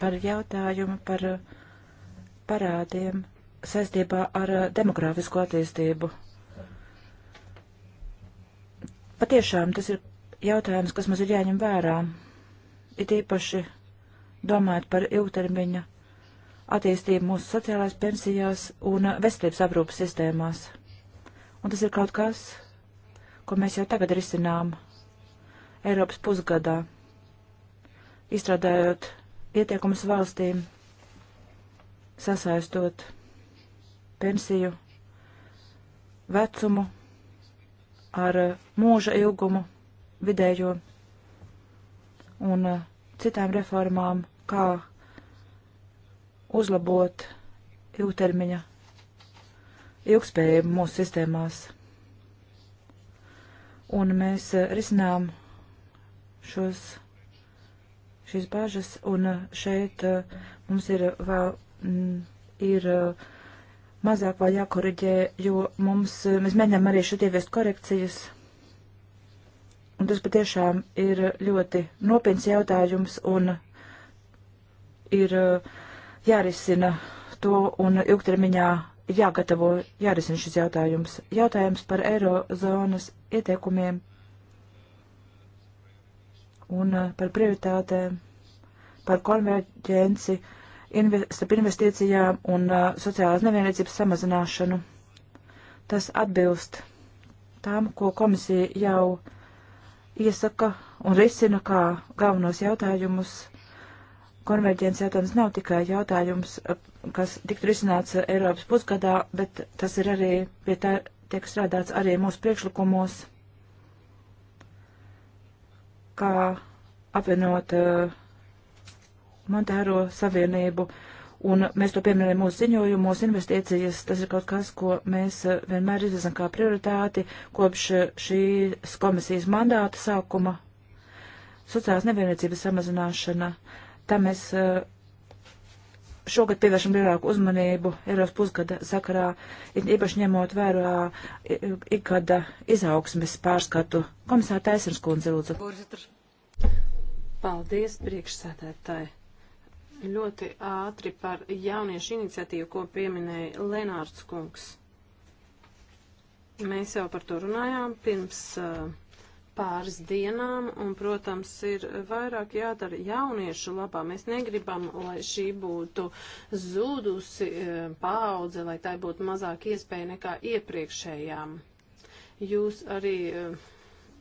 par jautājumu par uh, parādiem saistībā ar demografisko attīstību. Patiešām tas ir jautājums, kas mums ir jāņem vērā. It īpaši domājot par ilgtermiņa attīstību mūsu sociālās pensijās un veselības aprūpas sistēmās. Un tas ir kaut kas, ko mēs jau tagad risinām Eiropas pusgadā, izstrādājot ieteikumus valstīm, sasaistot pensiju vecumu ar mūža ilgumu vidējo un citām reformām, kā uzlabot ilgtermiņa ilgspējību mūsu sistēmās un mēs eh, risinām šos, šīs bažas, un eh, šeit eh, mums ir vēl, mm, ir mazāk vēl jākoriģē, jo mums, mēs mēģinām arī šeit ieviest korekcijas, un tas patiešām ir ļoti nopietns jautājums, un ir jārisina to, un ilgtermiņā jāgatavo, jārisina šis jautājums. Jautājums par eirozonas ieteikumiem un eh, par prioritātēm, par konverģenci starp investīcijām un eh, sociālās nevienlīdzības samazināšanu. Tas atbilst tām, ko komisija jau iesaka un risina kā galvenos jautājumus konverģences jautājums nav tikai jautājums, kas tiktu risināts Eiropas pusgadā, bet tas ir arī pie tā tiek strādāts arī mūsu priekšlikumos, kā apvienot uh, monetāro savienību. Un mēs to pieminējam mūsu ziņojumos, investīcijas, tas ir kaut kas, ko mēs uh, vienmēr izvirzam kā prioritāti kopš šīs komisijas mandāta sākuma. Sociālās nevienlīdzības samazināšana. Uh, Tam mēs eh, šogad pievēršam lielāku uzmanību Eiropas pusgada sakarā, īpaši ņemot vērā ikgada izaugsmes pārskatu. Komisāra Taisins kundze, lūdzu. Paldies, priekšsēdētāji. Ļoti ātri par jauniešu iniciatīvu, ko pieminēja Lenārds kungs. Mēs jau par to runājām pirms uh, pāris dienām, un, protams, ir vairāk jādara jauniešu labā. Mēs negribam, lai šī būtu zudusi e, paudze, lai tai būtu mazāk iespēja nekā iepriekšējām. Jūs arī uh,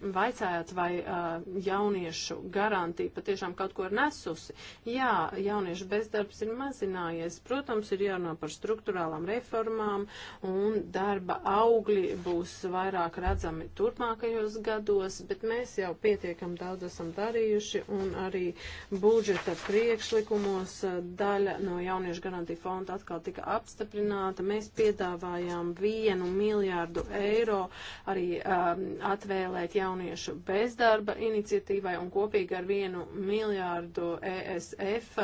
vaicājāt, vai uh, jauniešu garantija patiešām kaut ko ir nesusi. Jā, jauniešu bezdarbs ir mazinājies. Protams, ir jārunā par struktūrālām reformām un darba augļi būs vairāk redzami turpmākajos gados, bet mēs jau pietiekam daudz esam darījuši un arī budžeta priekšlikumos daļa no jauniešu garantija fonda atkal tika apstiprināta. Mēs piedāvājām vienu miljārdu eiro arī um, atvēlēt jauniešu jauniešu bezdarba iniciatīvai un kopīgi ar vienu miljārdu ESF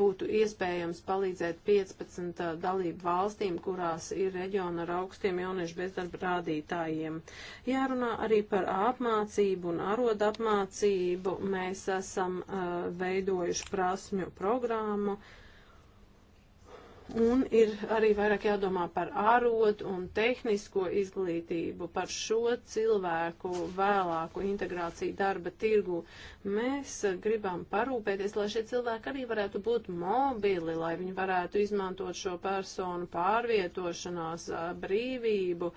būtu iespējams palīdzēt 15 dalību valstīm, kurās ir reģiona ar augstiem jauniešu bezdarba rādītājiem. Jārunā arī par apmācību un arodu apmācību. Mēs esam uh, veidojuši prasmju programmu. Uh, Un ir arī vairāk jādomā par ārodu un tehnisko izglītību, par šo cilvēku vēlāku integrāciju darba tirgu. Mēs gribam parūpēties, lai šie cilvēki arī varētu būt mobili, lai viņi varētu izmantot šo personu pārvietošanās brīvību,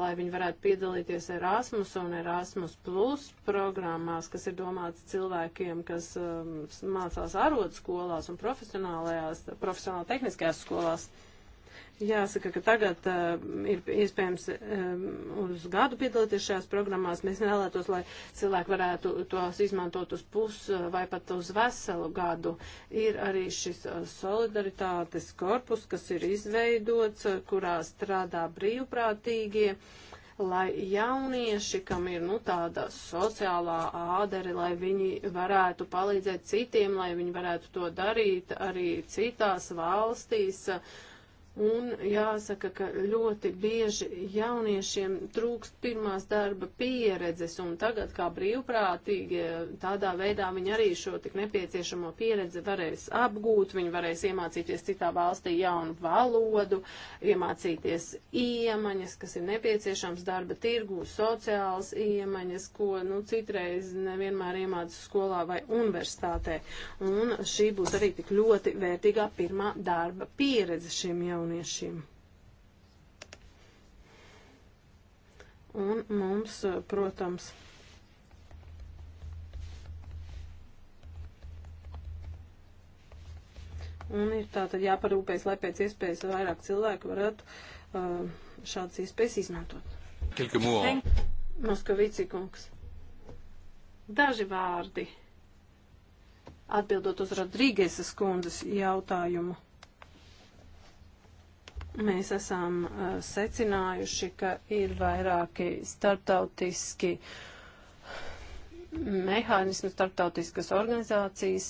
lai viņi varētu piedalīties Erasmus un Erasmus Plus programmās, kas ir domāts cilvēkiem, kas um, mācās ārodskolās un profesionālajās, profesionāla tehniskajās skolās vidusskolās. Jāsaka, ka tagad uh, ir iespējams um, uz gadu piedalīties šajās programmās. Mēs vēlētos, lai cilvēki varētu tos izmantot uz pus eh, vai pat uz veselu gadu. Ir arī šis solidaritātes korpus, kas ir izveidots, kurā strādā brīvprātīgie. Uh, lai jaunieši, kam ir nu, tāda sociālā ādere, lai viņi varētu palīdzēt citiem, lai viņi varētu to darīt arī citās valstīs. Uh, Un jāsaka, ka ļoti bieži jauniešiem trūkst pirmās darba pieredzes, un tagad kā brīvprātīgi eh, tādā veidā viņi arī šo tik nepieciešamo pieredzi varēs apgūt, viņi varēs iemācīties citā valstī jaunu valodu, iemācīties iemaņas, kas ir nepieciešams darba tirgū, sociāls iemaņas, ko nu, citreiz nevienmēr iemācās skolā vai universitātē. Un šī būs arī tik ļoti vērtīgā pirmā darba pieredze šiem jauniešiem jauniešiem. Un mums, protams, Un ir tātad jāparūpēs, lai pēc iespējas vairāk cilvēku varētu uh, šādas iespējas izmantot. Moskavici kungs. Daži vārdi. Atbildot uz Rodrīgesas kundzes jautājumu. Mēs esam uh, secinājuši, ka ir vairāki starptautiski mehānismi, starptautiskas organizācijas,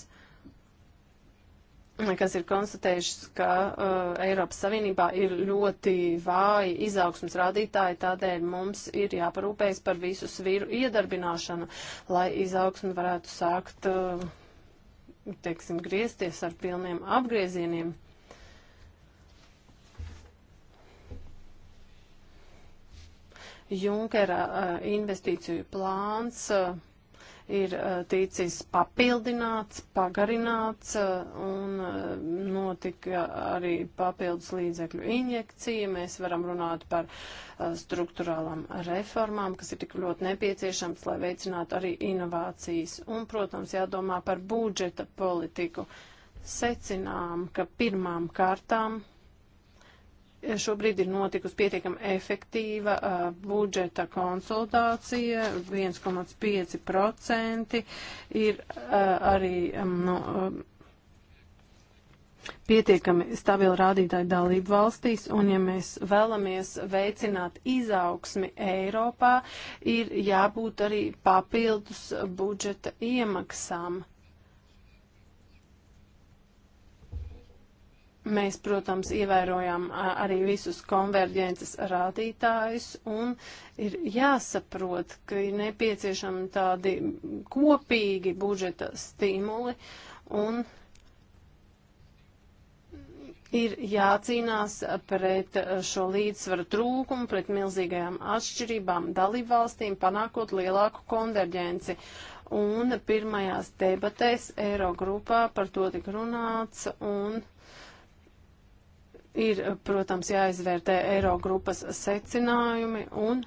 kas ir konstatējušas, ka uh, Eiropas Savienībā ir ļoti vāji izaugsmas rādītāji, tādēļ mums ir jāparūpējas par visu svīru iedarbināšanu, lai izaugsmi varētu sākt, uh, teiksim, griezties ar pilniem apgriezieniem. Junkera eh, investīciju plāns eh, ir eh, ticis papildināts, pagarināts un notika arī papildus līdzekļu injekcija. Mēs varam runāt par struktūrālām reformām, kas ir tik ļoti nepieciešams, lai veicinātu arī inovācijas. Un, protams, jādomā par budžeta politiku. Secinām, ka pirmām kārtām Šobrīd ir notikusi pietiekami efektīva uh, budžeta konsultācija, 1,5% ir uh, arī um, nu, uh, pietiekami stabili rādītāji dalību valstīs, un ja mēs vēlamies veicināt izaugsmi Eiropā, ir jābūt arī papildus budžeta iemaksām. Uh, Mēs, protams, ievērojam arī visus konverģences rādītājus un ir jāsaprot, ka ir nepieciešami tādi kopīgi budžeta stimuli un ir jācīnās pret šo līdzsvaru trūkumu, pret milzīgajām atšķirībām dalībvalstīm, panākot lielāku konverģenci. Un pirmajās debatēs Eirogrupā par to tika runāts un. Uh, Ir, protams, jāizvērtē Eiro grupas secinājumi un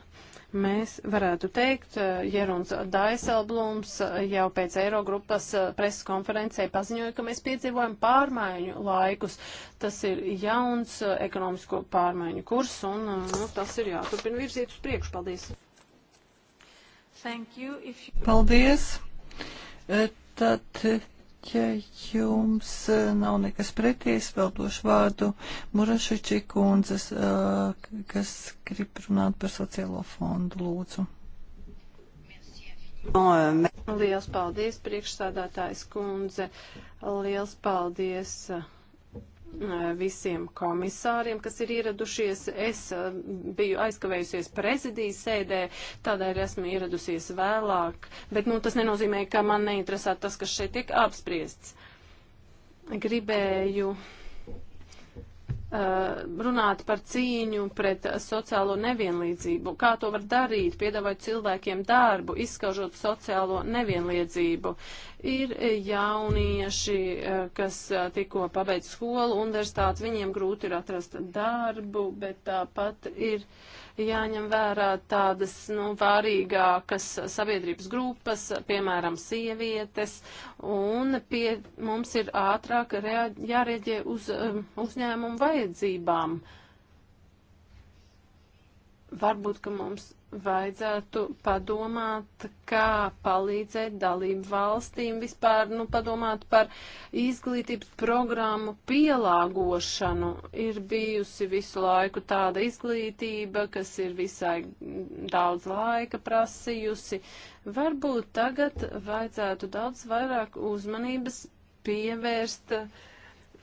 mēs varētu teikt, eh, Jeruns Daiselblums eh, jau pēc Eirogrupas eh, preses konferencē paziņoja, ka mēs piedzīvojam pārmaiņu laikus. Tas ir jauns ekonomisko pārmaiņu kurs un nu, tas ir jāturpina virzīt uz priekšu. Paldies! You, you... Paldies! Tad ja jums eh, nav nekas pretī, es vēl došu vārdu Murašiči kundzes, eh, kas grib runāt par sociālo fondu, lūdzu. Liels paldies, priekšsādātājs kundze. Liels paldies. Uh, visiem komisāriem, kas ir ieradušies. Es eh, biju aizkavējusies prezidijas sēdē, tādēļ esmu ieradusies vēlāk, bet nu, tas nenozīmē, ka man neinteresē tas, kas šeit tiek apspriests. Gribēju eh, runāt par cīņu pret sociālo nevienlīdzību. Kā to var darīt? Piedāvāt cilvēkiem darbu, izskaužot sociālo nevienlīdzību. Ir e, jaunieši, e, kas e, tikko pabeidz skolu, universitāti, viņiem grūti ir atrast darbu, bet tāpat ir jāņem vērā tādas nu, vārīgākas sabiedrības grupas, piemēram, sievietes, un pie, mums ir ātrāk jārēģē uz uzņēmumu vajadzībām. Varbūt, ka mums vajadzētu padomāt, kā palīdzēt dalību valstīm vispār, nu, padomāt par izglītības programmu pielāgošanu. Ir bijusi visu laiku tāda izglītība, kas ir visai daudz laika prasījusi. Varbūt tagad vajadzētu daudz vairāk uzmanības pievērst uh,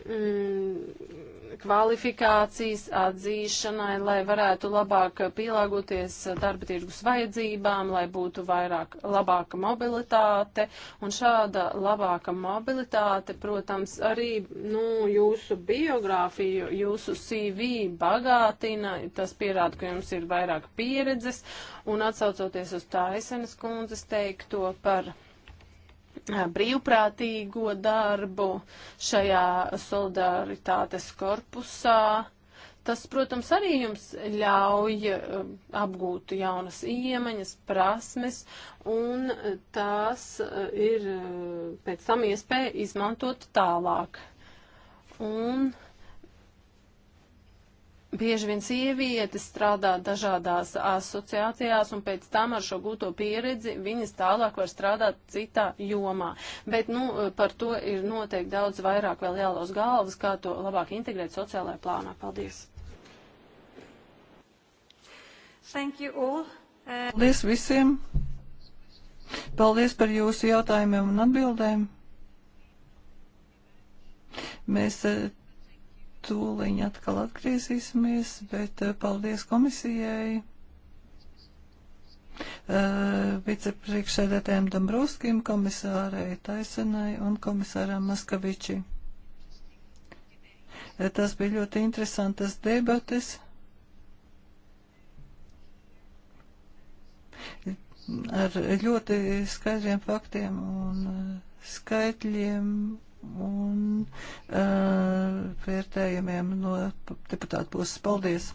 Mm, kvalifikācijas atzīšanai, lai varētu labāk pielāgoties darba tirgus vajadzībām, lai būtu vairāk labāka mobilitāte. Un šāda labāka mobilitāte, protams, arī nu, jūsu biogrāfiju, jūsu CV bagātina, tas pierāda, ka jums ir vairāk pieredzes. Un atsaucoties uz Taisenes kundzes teikto par brīvprātīgo darbu šajā solidaritātes korpusā. Tas, protams, arī jums ļauj apgūt jaunas iemaņas, prasmes, un tās ir pēc tam iespēja izmantot tālāk. Un Bieži vien sievietes strādā dažādās asociācijās, un pēc tam ar šo gūto pieredzi viņas tālāk var strādāt citā jomā. Bet nu, par to ir noteikti daudz vairāk vēl jālauz galvas, kā to labāk integrēt sociālajā plānā. Paldies! Thank you all. Uh... Paldies visiem! Paldies par jūsu jautājumiem un atbildēm! Mēs uh, tūliņ atkal atgriezīsimies, bet eh, paldies komisijai. Uh, vicepriekšsēdētājiem Dombrovskim, komisārai Taisenai un komisāram Maskaviči. Uh, tas bija ļoti interesantas debates. Ar ļoti skaidriem faktiem un skaitļiem un uh, vērtējumiem no deputāta puses. Paldies!